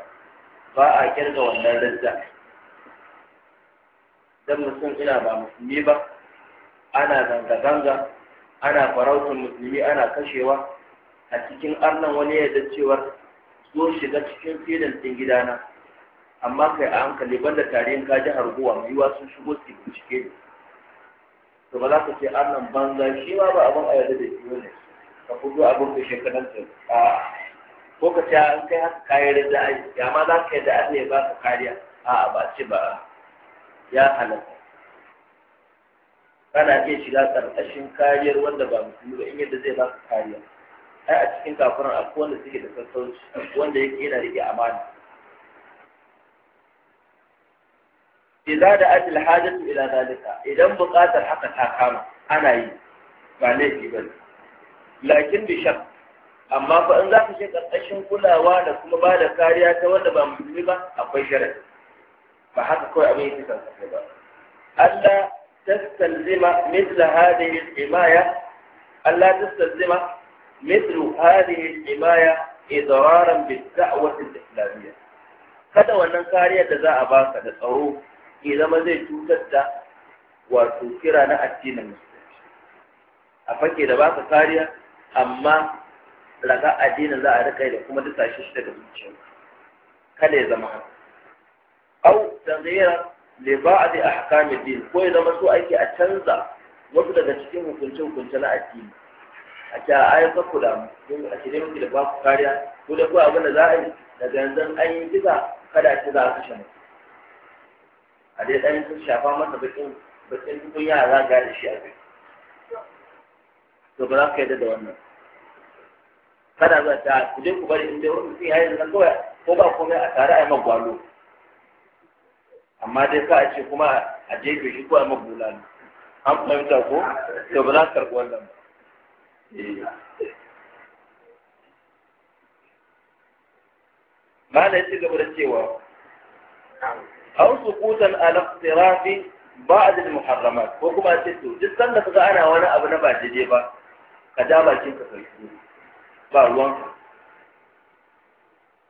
ba a kirga wannan rajja dan mutum ina ba musulmi ba ana zanga-zanga ana farautar musulmi ana kashewa a cikin arnan wani yadda cewar zo shiga cikin filin ɗin gidana amma kai a hankali banda tarihin kaji harguwa mai yiwa sun shigo su bincike ne to ba za ka ce annan banza shi ma ba abin a yadda da shi ne ka fito abin da shekarun ta a ko ka ce an kai haka kayan da ai ya ma za ka yi da an ne ba ka kariya a ba ce ba ya halatta kana iya shiga karkashin kariyar wanda ba musulmi ba in yadda zai ba ka kariya ai a cikin kafiran akwai wanda suke da sassauci wanda yake yana rike amana idza da atil hajatu ila zalika idan buƙatar haka ta kama ana yi ba laifi ba lakin bi shak amma fa in za ka ce ƙarƙashin kulawa da kuma ba da kariya ta wanda ba musulmi ba akwai sharadi ba haka kawai abin yake kan kafa ba Allah tastalzima mithla hadhihi al-himaya Allah tastalzima mithlu hadhihi al-himaya idraran bid-da'wati al-islamiyya kada wannan kariya da za a baka da tsaro ke zama zai cutar da wato kira na addinin musulunci a fake da baka kariya amma raga addinin za a rika da kuma duka shi daga zuciya kada ya zama haka au da taghyira li a ahkam ad-din ko ya zama so ake a canza wasu daga cikin hukunce hukunce na addini a ce a ayyuka ku da mu a ce ne da da baku kariya ko da ku abin da za a yi daga yanzu an yi kisa kada a za a kashe mutum a dai ɗan shafa masa bakin bakin tukun yara ga da shi a kai to ba za ka yarda da wannan kada za ta ku je ku bari in dai wani mutum ya yi zan kawai ko ba komai a tare a yi magwalo amma dai ka a ce kuma a jefe shi ko a yi magbulalo an fahimta ko to ba za ka karɓi wannan ba eh. Mala ya ci gaba da cewa aw suqutan ala iqtirafi ba'd al muharramat ko kuma ce to duk sanda kaga ana wani abu na ba daidai ba ka ja bakin ka ba ruwan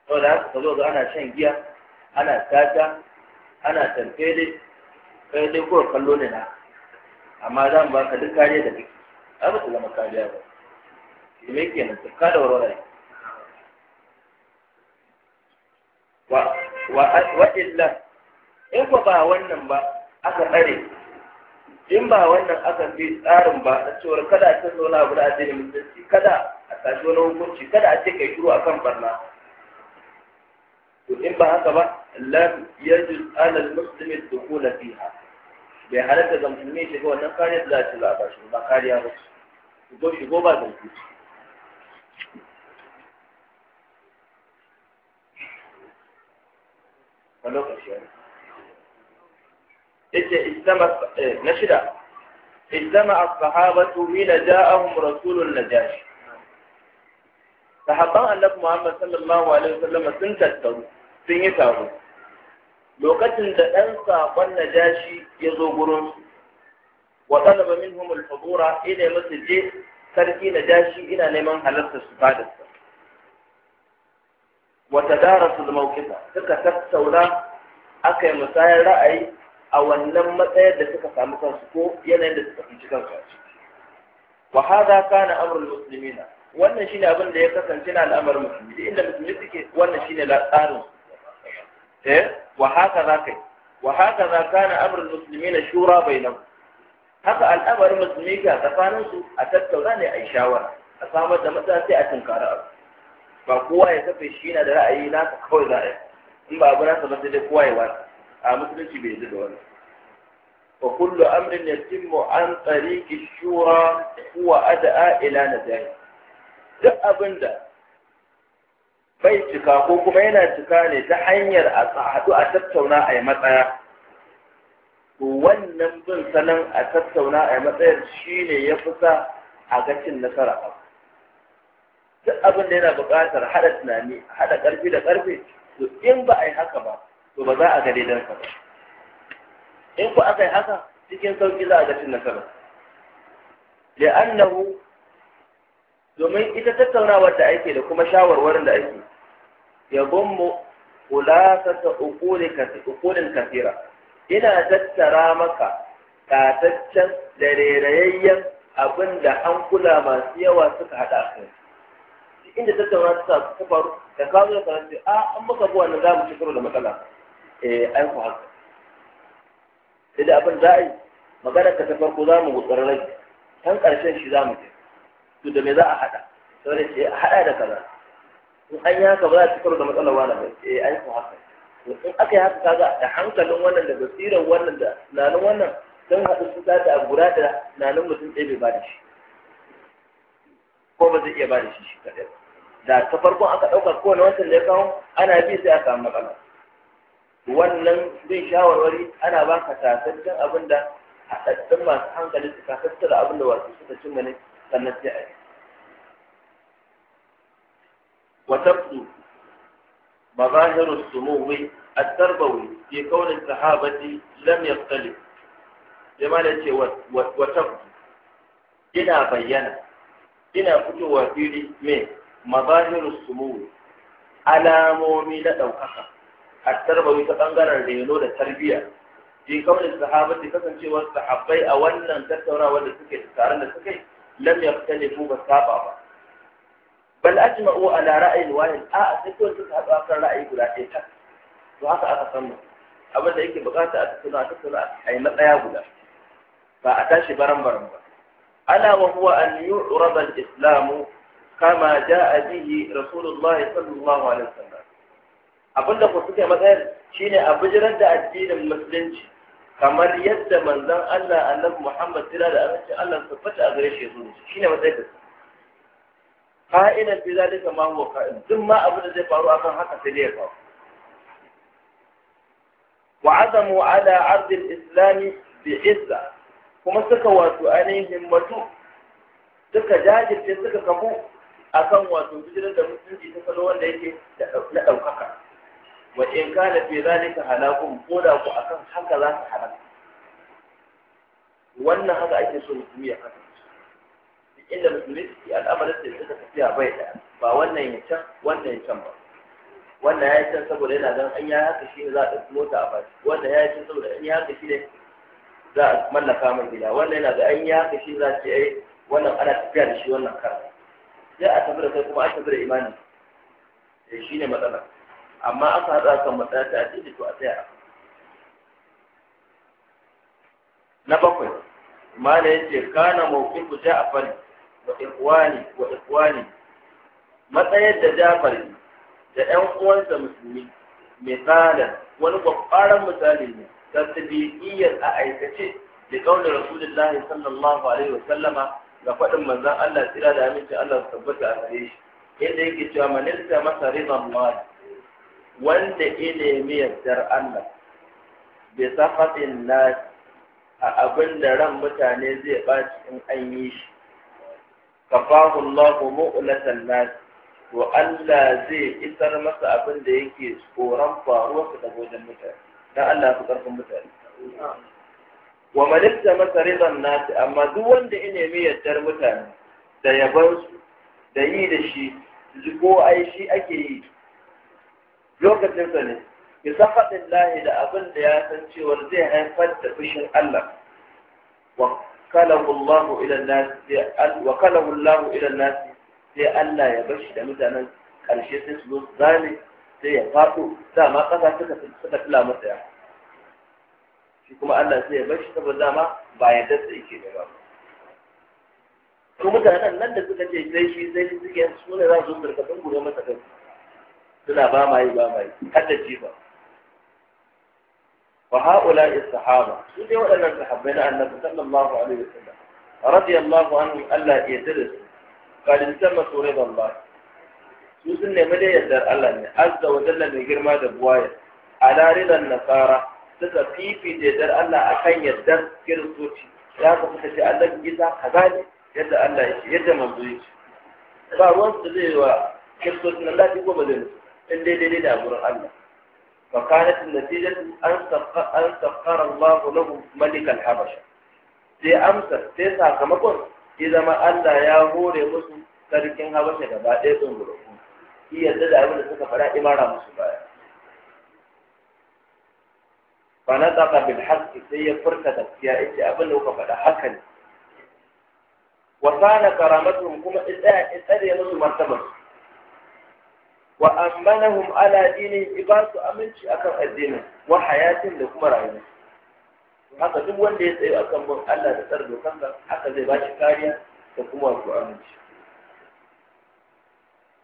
ka da ka zo ana shan giya ana tata ana tantele kai dai ko kallo ne na amma za mu baka duk da kake ai ba ta zama ba me kenan ka da warware wa wa illa in ba ba wannan ba aka tsare in ba wannan aka fi tsarin ba na cewar kada a canza wani abu da addinin musulunci kada a tashi wani hukunci kada a ce kai shiru kan barna to in ba haka ba lam yajuz ala almuslimi dukhula fiha bai halatta ga musulmi shiga wannan kariya da za ta ba shi ba kariya ba su, shigo shigo ba su a lokaci yake eh, na shida ijtama as-sahabatu hina ja'ahum rasulun najashi sahabban annabi Muhammad sallallahu alaihi wasallam sun tattaru sun yi taro lokacin da dan sakon najashi ya zo gurin wa talaba minhum al-hudura ila masa je sarki najashi ina neman halarta su fada sa wa tadarasu al-mawqifa suka tattauna aka yi musayar ra'ayi a wannan matsayar da suka samu kansu ko yanayin da suka fice kansu wa hadha kana amrul muslimina wannan shine abin da ya kasance na al'amarin musulmi inda musulmi suke wannan shine tsarin eh wa haka za kai wa haka za kana amrul muslimina shura bainahum haka al'amarin musulmi ga tsakanin su a tattauna ne a yi shawara a samar da mata sai a tunkara abu ba kowa ya kafe shi na da ra'ayi nasa kawai za a yi in ba abu sa ba sai dai kowa ya wata. a musulunci bai yi da wani wa kullu amrin yatimmu an tariqi shura huwa ad'a ila najahi duk abinda bai cika ko kuma yana cika ne ta hanyar a haɗu a tattauna a yi matsaya to wannan bin salon a tattauna a yi matsayar shi ya fi a ga cin nasara duk abin da yana buƙatar haɗa tunani haɗa ƙarfi da ƙarfe to in ba a yi haka ba to ba za a ga daidansa ba in ku aka yi haka cikin sauki za a ga cin nasara li'annahu domin ita tattaunawar da ake da kuma shawarwarin da ake ya gummu ta ukulin kafira ina tattara maka kataccen da rerayayyen abin da an kula masu yawa suka haɗa a kai inda tattaunawa ta faru da kawo da a ah, an muka buwa na za mu ci da matsala eh ai ku haka sai da abin za a yi magana ka ta farko za mu gutsar rai kan ƙarshen shi za mu je to da me za a haɗa saboda ce a haɗa da kaza in an yi haka ba za a cikar da matsalar wani ba eh ai ku haka in aka yi haka kaga da hankalin wannan da basirar wannan da tunanin wannan don haɗu su ta da gura da tunanin mutum ɗaya bai ba da shi ko ba zai iya ba da shi shi kaɗai da ta farkon aka ɗaukar kowane wancan da ya kawo ana bi sai a samu matsala wannan bin shawarwari ana ba ka tasirin abin da haɗaɗɗun masu hankali su kasance da abin da wasu suka cimma ne sannan sai a yi. Wataɓu, mazahirun su mowe, a tarbawi, ke kaunin sahabati lam ya tsali, sai ma da ce wataɓu, ina bayyana, ina fitowa fili mai mazahirun su mowe, alamomi na ɗaukaka. at-tarbawi ta bangaren reno da tarbiyya fi kawai sahabati kasancewar sahabai a wannan tattaunawa da suke taron da suke lam yaktalifu ba saba ba bal ajma'u ala ra'ayin wahid a sai kawai suka haɗu akan ra'ayi guda ɗaya tak to haka aka san abin da yake bukata a tattauna a tattauna a yi matsaya guda ba a tashi baran baran ba ala wa huwa an yu'rada al-islamu kama ja'a bihi rasulullahi sallallahu alaihi wasallam abinda ku suke matsayar shine a bijirar da addinin musulunci kamar yadda manzon Allah annabi Muhammad sira da aminci Allah su fata a gare shi zuwa shine matsayar da fa'ilan bi zalika ma huwa ka'in duk ma abin da zai faru akan haka sai ya faru wa azamu ala ard al-islam bi izza kuma suka wato ainihin himmatu suka jajirce suka kafu akan wato bijirar da musulunci ta salo wanda yake na ɗaukaka wa in kana fi zalika halakun ko da ku akan haka za su halaka wannan haka ake so musulmi ya haka duk inda musulmi suke al'amarin da suka tafiya bai da ba wannan ya can wannan ya can ba wannan ya can saboda yana ganin an ya haka shi ne za a ɗauki mota a baki wannan ya can saboda an ya haka shi ne za a mallaka mai gida wannan yana da an ya haka shi za a ce ai wannan ana tafiya da shi wannan kar sai a tabbata kuma an tabbata da imani eh, shi ne matsalar amma aka haɗa kan matsaya ta addini to a tsaya a na bakwai ya yace kana ku ja'far wa ikhwani wa ikhwani matsayar da ja'far da ƴan uwansa musulmi misalan wani babbaran misali ne tasbiqiyyan a aikace da ƙaunar rasulullahi sallallahu alaihi wa sallama ga faɗin manzon Allah tsira da aminci Allah su tabbata a gare shi yadda yake cewa manilta masa ridan mali wanda ilimi yardar Allah bi saqatin nas a abin da ran mutane zai baci in an yi shi kafahu Allah mu'latan nas to Allah zai isar masa abin da yake tsoron faruwa da wajen mutane dan Allah ya karfin mutane wa man masa ridan nas amma duk wanda ilimi yardar mutane da yabansu da yi da shi ko ai shi ake yi sa ne ya san faɗin lahi da abin da ya san cewar zai haifar da fushin Allah wa kalahu Allahu ila nasi sai Allah ya bashi da mutanen ƙarshe sai su zo zane sai ya faɗo dama ƙasa suka suka tula masa ya shi kuma Allah sai ya bashi saboda dama ba yadda sai yake da ba to mutanen nan da suka ce sai shi sai suke su ne za su zo sarkafin gure masa kansu suna ba ma yi ba ma yi har da jiba fa haula sahaba su dai waɗannan sahabbai na annabi sallallahu alaihi wasallam radiyallahu anhu Allah ya tada su kalin sama sura da Allah su sun nemi da yadda Allah ne azza wa jalla mai girma da buwaya ala ridan nasara suka fifita dar Allah akan yadda kiristoci ya ka suka ce Allah gida kaza ne yadda Allah ya ce yadda manzo ya ce ba ruwan su zai wa kiristoci nan da ko ba zai mutu in dai daidai da gurin Allah fa kanat natija an saqa an saqara Allah lahu malik al-habasha sai amsa sai sakamakon sai zama Allah ya hore musu sarkin habasha gaba ɗaya sun gurin shi yadda da abin da suka fara imara musu baya fa nataqa bil haqqi sai ya furta gaskiya yace abin da kuka faɗa haka ne wa kana karamatuhum kuma idda idda ya musu martabarsu وأمنهم على دينهم إبارة أمنش أكم الدين وحياة لكم رأينا وحتى دول ليس إيه من ألا تترد وكما حتى زي باش كاريا لكم وكم أمنش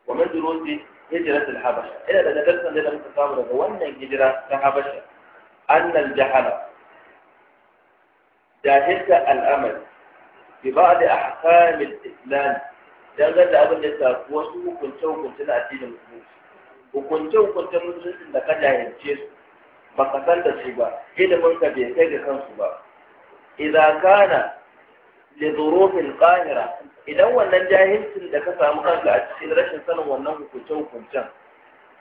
ومن دروسي هجرة الحبشة إلا إيه لذكرت أن لم تتامر وأن هجرة الحبشة أن الجحلة جاهزة الأمل في بعض أحكام الإسلام dangar da abin da ya wasu hukunce-hukunce na addinin musulunci hukunce hukunce musulunci da ka jahilce su ba ka san da su ba ilimin ka bai kai ga kansu ba idan kana da zurofin kahira idan wannan jahilcin da ka samu kanka a cikin rashin sanin wannan hukunce-hukuncen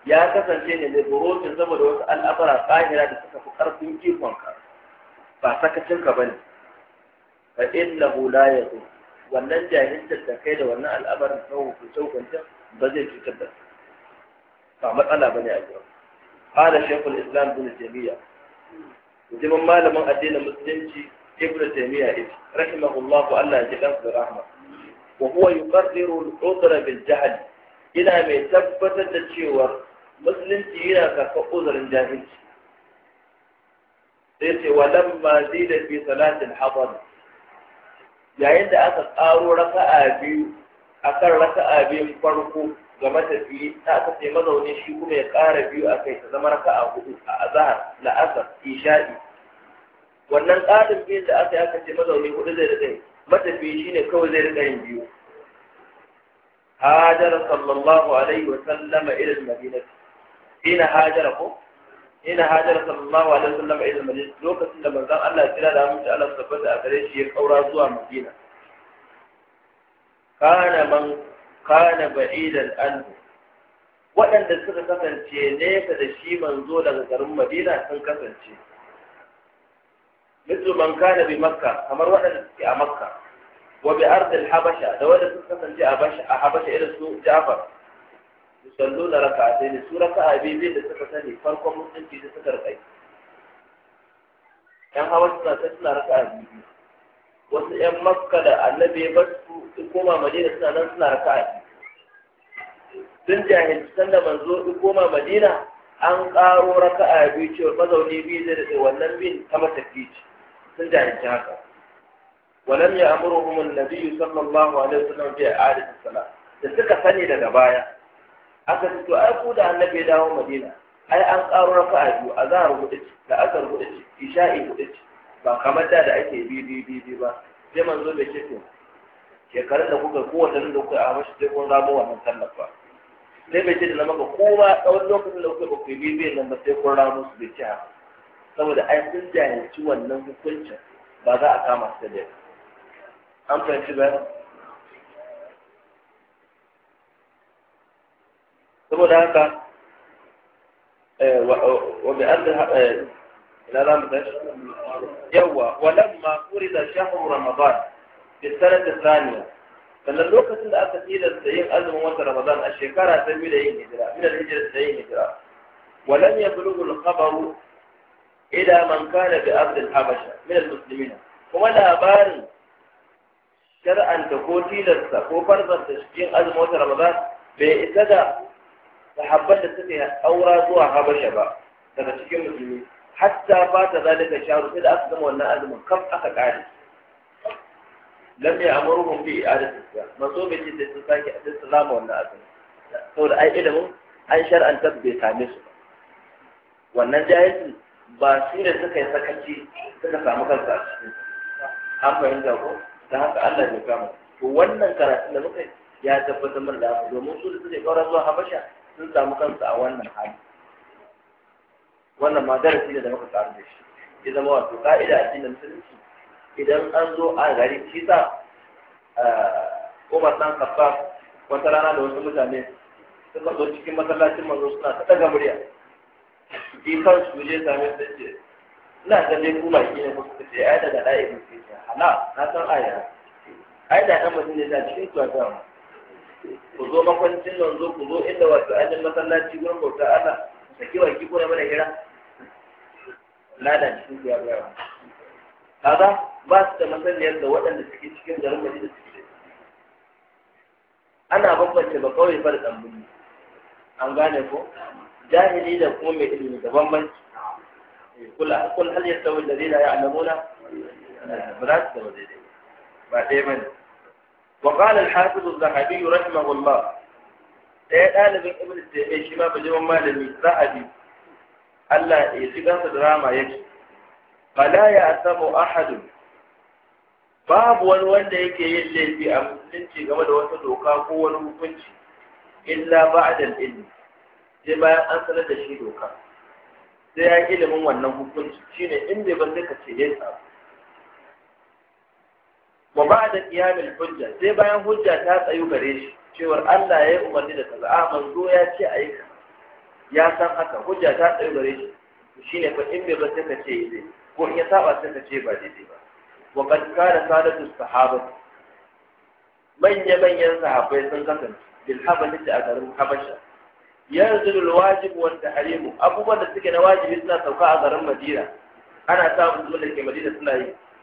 ya kasance ne da zurofin saboda wasu al'amura kahira da suka fi karfin ikonka ba sakacinka ba ne fa innahu la zo. wannan jahiltar da kai da wannan al'amarin kawo hukunce hukuncen ba zai cutar da ba matsala ba ne a gurin qala shaykhul islam ibn taymiya mutumin malamin addinin musulunci ibn taymiya ibn rahimahullahu Allah ya ji kansa da rahma wa huwa yuqarriru al-udra bil jahl ina mai tabbatar da cewa musulunci yana karɓar uzurin jahilci sai ce wa lamma zida fi salatin hadar yayin da aka ƙaro raka'a biyu a kan raka'a biyun farko ga matafiyi ta aka ce mazaunin shi kuma ya ƙara biyu a kai ta zama raka'a hudu a azahar la'asar isha'i wannan ƙarin biyun da aka yi aka ce mazaunin hudu zai riƙa yi shi ne kawai zai riƙa yin biyu sallallahu alaihi wa sallama irin إلى ina حين ko ina hajar sallallahu alaihi wasallam ila madina lokacin da manzon Allah kira da mutum Allah tabbata a gare shi ya kaura zuwa madina kana man kana ba'idan anhu waɗanda suka kasance nesa da shi manzo daga garin madina sun kasance mislu man kana bi makka kamar waɗanda suke a makka wa bi ardil habasha da waɗanda suka kasance a habasha irin su jafar sallu na raka sai ne su raka a biyu da suka sani farkon musulunci da suka raka yan hawa suna ta suna raka a biyu wasu yan makka da annabi ya bar su in koma madina suna nan suna raka a biyu sun jahilci sanda manzo in koma madina an ƙaro raka a biyu cewa mazauni biyu zai daɗe wannan bin ta matafi ce sun jahilci haka ولم يأمرهم النبي صلى الله عليه وسلم بإعادة الصلاة da suka sani daga baya aka ce to ai ku da annabi ya dawo madina ai an karo a biyu zahar hudu ce da asar hudu ce isha'i hudu ce ba kamar da da ake bi bi bi bi ba sai manzo bai ce to shekarun da kuka ko kowace da kuka a mashi sai kun ramo wannan sallar ba sai bai ce da maka ko kowa tsawon lokacin da kuka ba ku bi bi nan ba sai kun ramu su bai ce haka saboda ai sun jahilci wannan hukuncin ba za a kama su da an fahimci ba saboda haka eh, wa bi an eh, ina za mu tashi yawa ramadan bi sanati Saniya, sannan lokacin da aka tilasta yin azumin wata ramadan a shekara ta biyu da yin hijira min al-hijra da yin hijira ولم يبلغ الخبر إلى من كان بأرض الحبشة من ko كما لابار شرعا تكوتي لسا وفرضا تشكين أزمة sahabban da suka yi aura zuwa habasha ba daga cikin musulmi hatta ba ta da sharu sai da aka gama wannan azumin kam aka kare lam ya amuruhum bi da tafiya. maso mai ce sai sun sake a cikin zama wannan azumin saboda ai ilimin an shar'anta bai same su ba wannan jahilci ba su da suka yi sakaci suka samu kansu a cikin an fahimta ko ta haka Allah bai kama to wannan karatun da muka ya tabbatar mana da domin su da suke kaura zuwa Habasha sun samu kansu a wannan hali wannan ma darasi ne da muka karu da shi ya zama wato ka'ida a cikin musulunci idan an zo a gari shi sa Umar dan kafa wata rana da wasu mutane suka zo cikin masallacin manzo suna ta daga murya shi su je same su ce ina ga dai kuma ki ne kuka sai ai daga da'i mutum ya hala na san aya ai da ɗan mutum ne da cikin tuwa ku zo makwancin nan zo ku zo inda wato ainihin masallaci gurin bauta Allah da kiwa ki kuna mana hira ladan shi ya gaya Kada ba su da masaniyar da waɗanda suke cikin garin da suke ana bambance ba kawai fa da tsambuni an gane ko jahili da kuma mai ilimi da bambanci eh, kula kul hal yastawi alladhina ya'lamuna eh, ba za su ba daidai ba ɗaya bane وقال الحافظ الذهبي رحمه الله ɗaya ɗalibin ibn taymiya shi ma bajiman malami zahabi Allah ya ji gansa da ya yake Bala ya samu ahadun babu wani wanda yake yin laifi a musulunci game da wata doka ko wani hukunci illa a ilmi sai bayan an sanar da shi doka sai ya ilimin wannan hukunci shine in bai ba ka ce yayi sabu wa da qiyamil hujja sai bayan hujja ta tsayu gare shi cewar Allah ya yi umarni da kaza a ah, manzo ya ce a yi ya san haka hujja ta tsayu gare shi ne fa in bai ba sai ka ce zai ko in ya saba sai ka ce ba daidai ba wa qad kana sadatu sahaba manya manyan sahabbai sun kasance bil habalati a garin habasha yanzu wajib wa tahrimu abubuwan da suke na wajibi suna sauka a garin madina ana samun musulmi da ke madina suna yi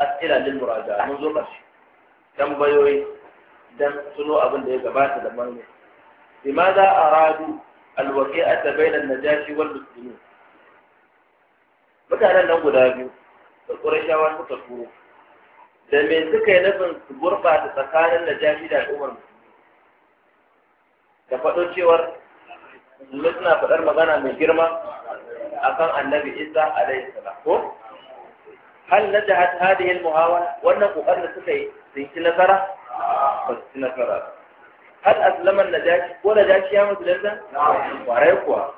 as'ila lil muraja mun zo kashi tambayoyi dan tuno abin da ya gabata da manne limaza aradu alwaqi'ata bayna an-najashi wal muslimin mutanen nan guda biyu da qurayshawa suka turo da me suka yi nufin su gurɓata tsakanin najashi da al'ummar da faɗo cewar suna faɗar magana mai girma akan annabi isa alaihi salam ko hal najahat hadhihi al-muhawala wannan kokarin da suka yi sun ci nasara ba su ci nasara hal aslama najashi ko najashi ya musulunta kwarai kuwa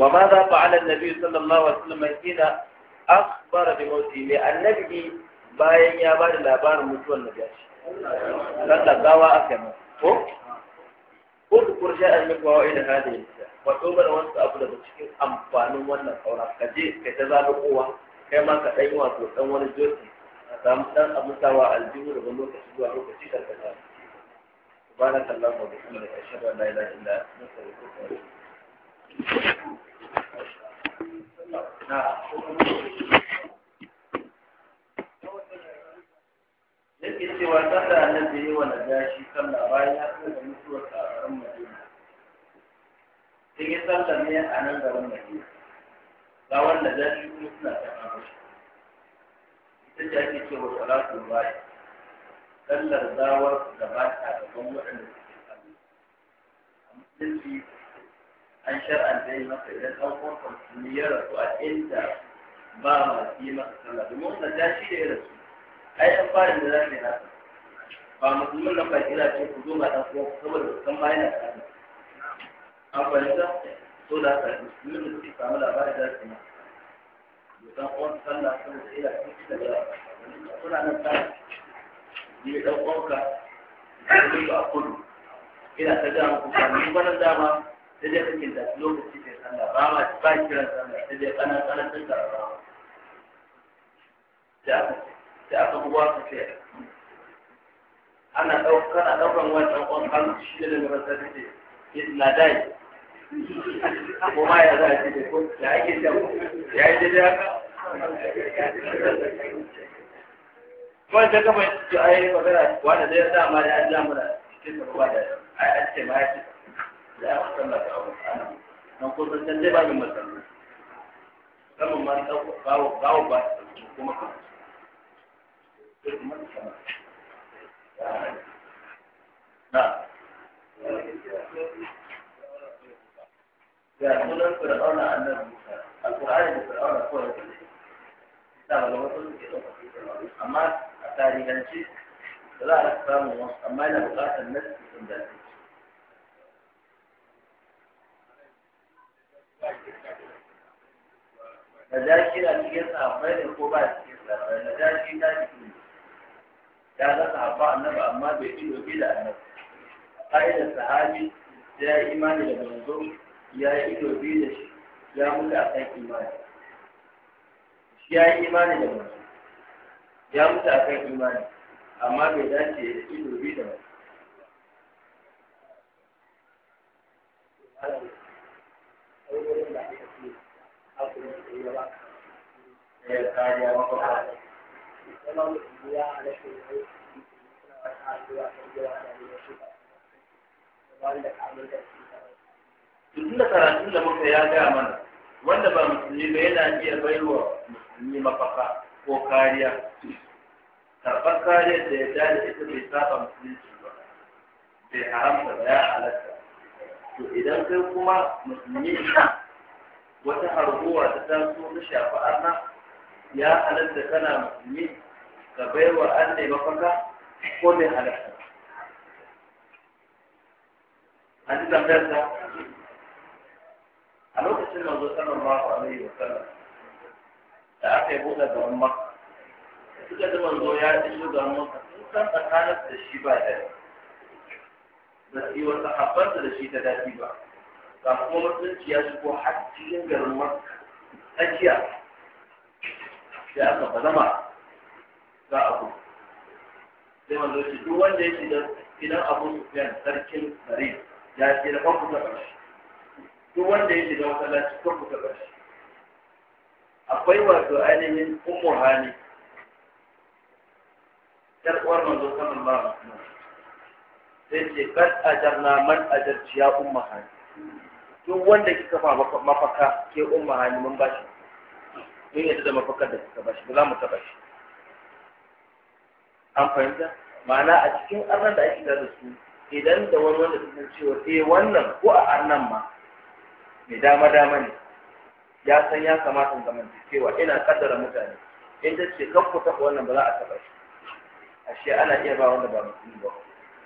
wa ma za fa'ala an-nabi sallallahu alaihi wasallam hina akhbara bi mawti mai annabi bayan ya ba labarin mutuwar ko هذه النساء وتوبر وانت ابو daga cikin amfanin wannan kaura kaje ka zabi kowa kai ma ka ɗan wato ɗan wani jokin a samu ɗan abin aljihu daga lokaci zuwa lokaci karkata da اللهم ba أشهد أن لا إله إلا أنت نستغفرك ونتوب Yake cewa sanda annabi yi wa najashi sallah bayan ya kai da mutuwar a garin Madina. Sai ya sallah ne a nan garin Madina. ga wanda ya yi kuma suna kan abashi ita ce ake cewa salatu bai sallar zawar da ba ta gaban waɗanda suke kallo a musulunci an shar'anta yi maka idan an kwanta musulmi ya rasu a inda ba ma yi maka sallah domin wannan ta shi da ya rasu ai an fara da za ka yi haka ba musulmin nan ba kira ce ku zo ga ɗan uwan saboda san ma yana kallo an da so da aka haka musulmi da suke samu labarin da su masu san kwan sanda sallah da ila cikin da ya suna nan ta ne dan kwanka da su yi a kudu ina ta gama ku yi wannan dama ta je cikin da lokaci da sanda ba ma ba kiran sanda ta je kana kana ta karama ba da aka buwa su ce ana ɗaukan wannan kwan kan shi da lalata daga masarki na dai ko ma ya za a ce ko da ake da ya yi daidai haka kuma ta kafa to ai magana wanda zai sa ma da an jamura cikin sa ba da A yi ce ma ya ce da a sallah ta abu nan ko san san ba min masallu musamman ma ta bawo bawo ba kuma ka na ya sunan fir'auna annabi Musa alqur'ani da fir'auna ko ya ce da malaman sun ke dauka amma a tarihance da za a samu wasu amma yana buƙatar nasi sun da na jashi na cikin sahabbai ne ko ba a cikin sahabbai na jashi na cikin ya ga sahabba annabi amma bai ci dobi da annabi ƙa'idar sahabi ya yi imani da manzo ya yi ido biyu da shi ya mutu a kan imani shi ya yi imani da mutu ya mutu a kan imani amma bai dace ya yi ido biyu da mutu Thank you. tun da karatun da muka ya gaya mana wanda ba musulmi ba yana iya baiwa musulmi mafaka ko kariya karɓar kariya da ya dace ita bai saba musulunci ba bai haramta ba ya halatta to idan kai kuma musulmi wata harguwa ta taso na shafi arna ya halatta kana musulmi ka baiwa an ne mafaka ko bai halatta an ji tambayar a lokacin manzo sallallahu alaihi wa sallam da aka yi buɗe gaban maka suka ji manzo ya ci shi gaban maka sun san tsakanin da shi ba da ba su yi wata habbarsa da shi ta dafi ba ga kuma mutunci ya shigo har cikin garin maka tsakiya da aka bazama za a gudu sai manzo shi duk wanda ya shiga idan abu sufiyan sarkin gari ya ce da kwanku ta ƙarshe duk wanda ya shiga lati ko ku taɓa shi akwai wato ainihin ummu hali yar uwar manzo sallallahu alaihi wasallam sai ce kad ajarna man ajar ya ummu hali duk wanda kika fa mafaka ke ummu hali mun ba shi mun yadda da mafakar da kika ba shi ba za mu taɓa shi an fahimta ma'ana a cikin arnan da ake da su idan da wani wanda suke cewa eh wannan ko a arnan ma mai dama dama ne ya san ya kamata zamantakewa ina kaddara mutane in ta ce kan ku taɓa wannan ba za a taɓa shi ashe ana iya ba wanda ba musulmi ba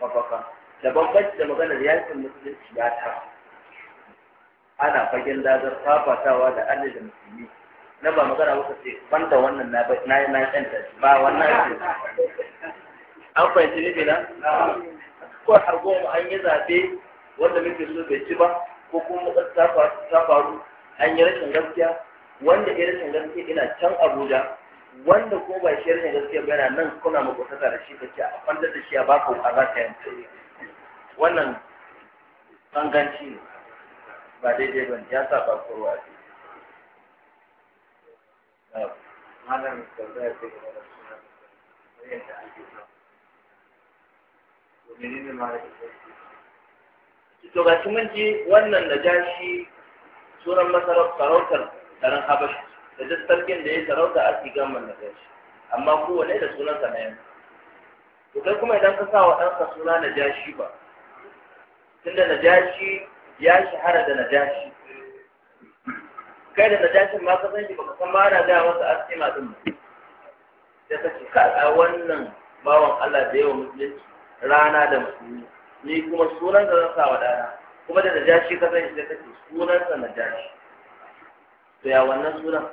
mafaka da bambanci da maganar yakin musulunci ya ta ana fagen dazar fafatawa da alli da musulmi na ba magana muka ce banda wannan na na na yanta ba wannan ce an fahimci ne na ko har goma an yi zaɓe wanda muke so bai ci ba ko kuma ta faru an yi rashin gaskiya wanda ya rashin gaskiya ina can abuja wanda ko ba shi rashin gaskiya ba yana nan kuna makwasata da shi ka ce a kwantar da shi a baka a za ka yanke wannan banganci ba daidai ba ya sa ba kowa ne malam da za a ce game da suna da ake da to ga shi mun ji wannan da jashi sunan masarar sarautar garin habashi da duk sarkin da ya sarauta a sigan man da jashi amma kowane da sunansa na yanzu to kai kuma idan ka sa wa ka suna na jashi ba tunda na jashi ya shahara da na jashi kai da na jashin ma ka san shi baka san ma na gaya masa asima ma ɗin da ka ce ka a wannan bawan Allah da yawa musulunci rana da musulunci ni kuma sunan da zan sa wa dana kuma da najashi ka san shi kake sunan sa najashi to ya wannan sunan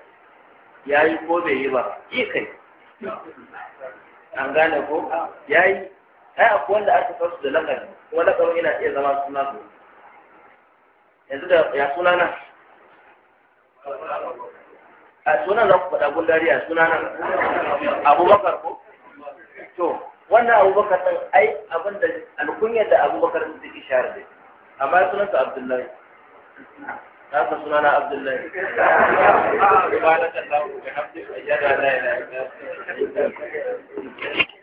yayi ko bai yi ba yi kai an gane ko yayi ai akwai wanda aka fasu da lakabi kuma lakabin yana iya zama suna ko yanzu da ya suna na a sunan za ku faɗa gundari a suna nan? abubakar ko to wannan abubakar ɗin ai abin da alkunyar da abubakar ɗin take shahara da amma ya sunanta abdullahi san sunana abdullahi ba na kan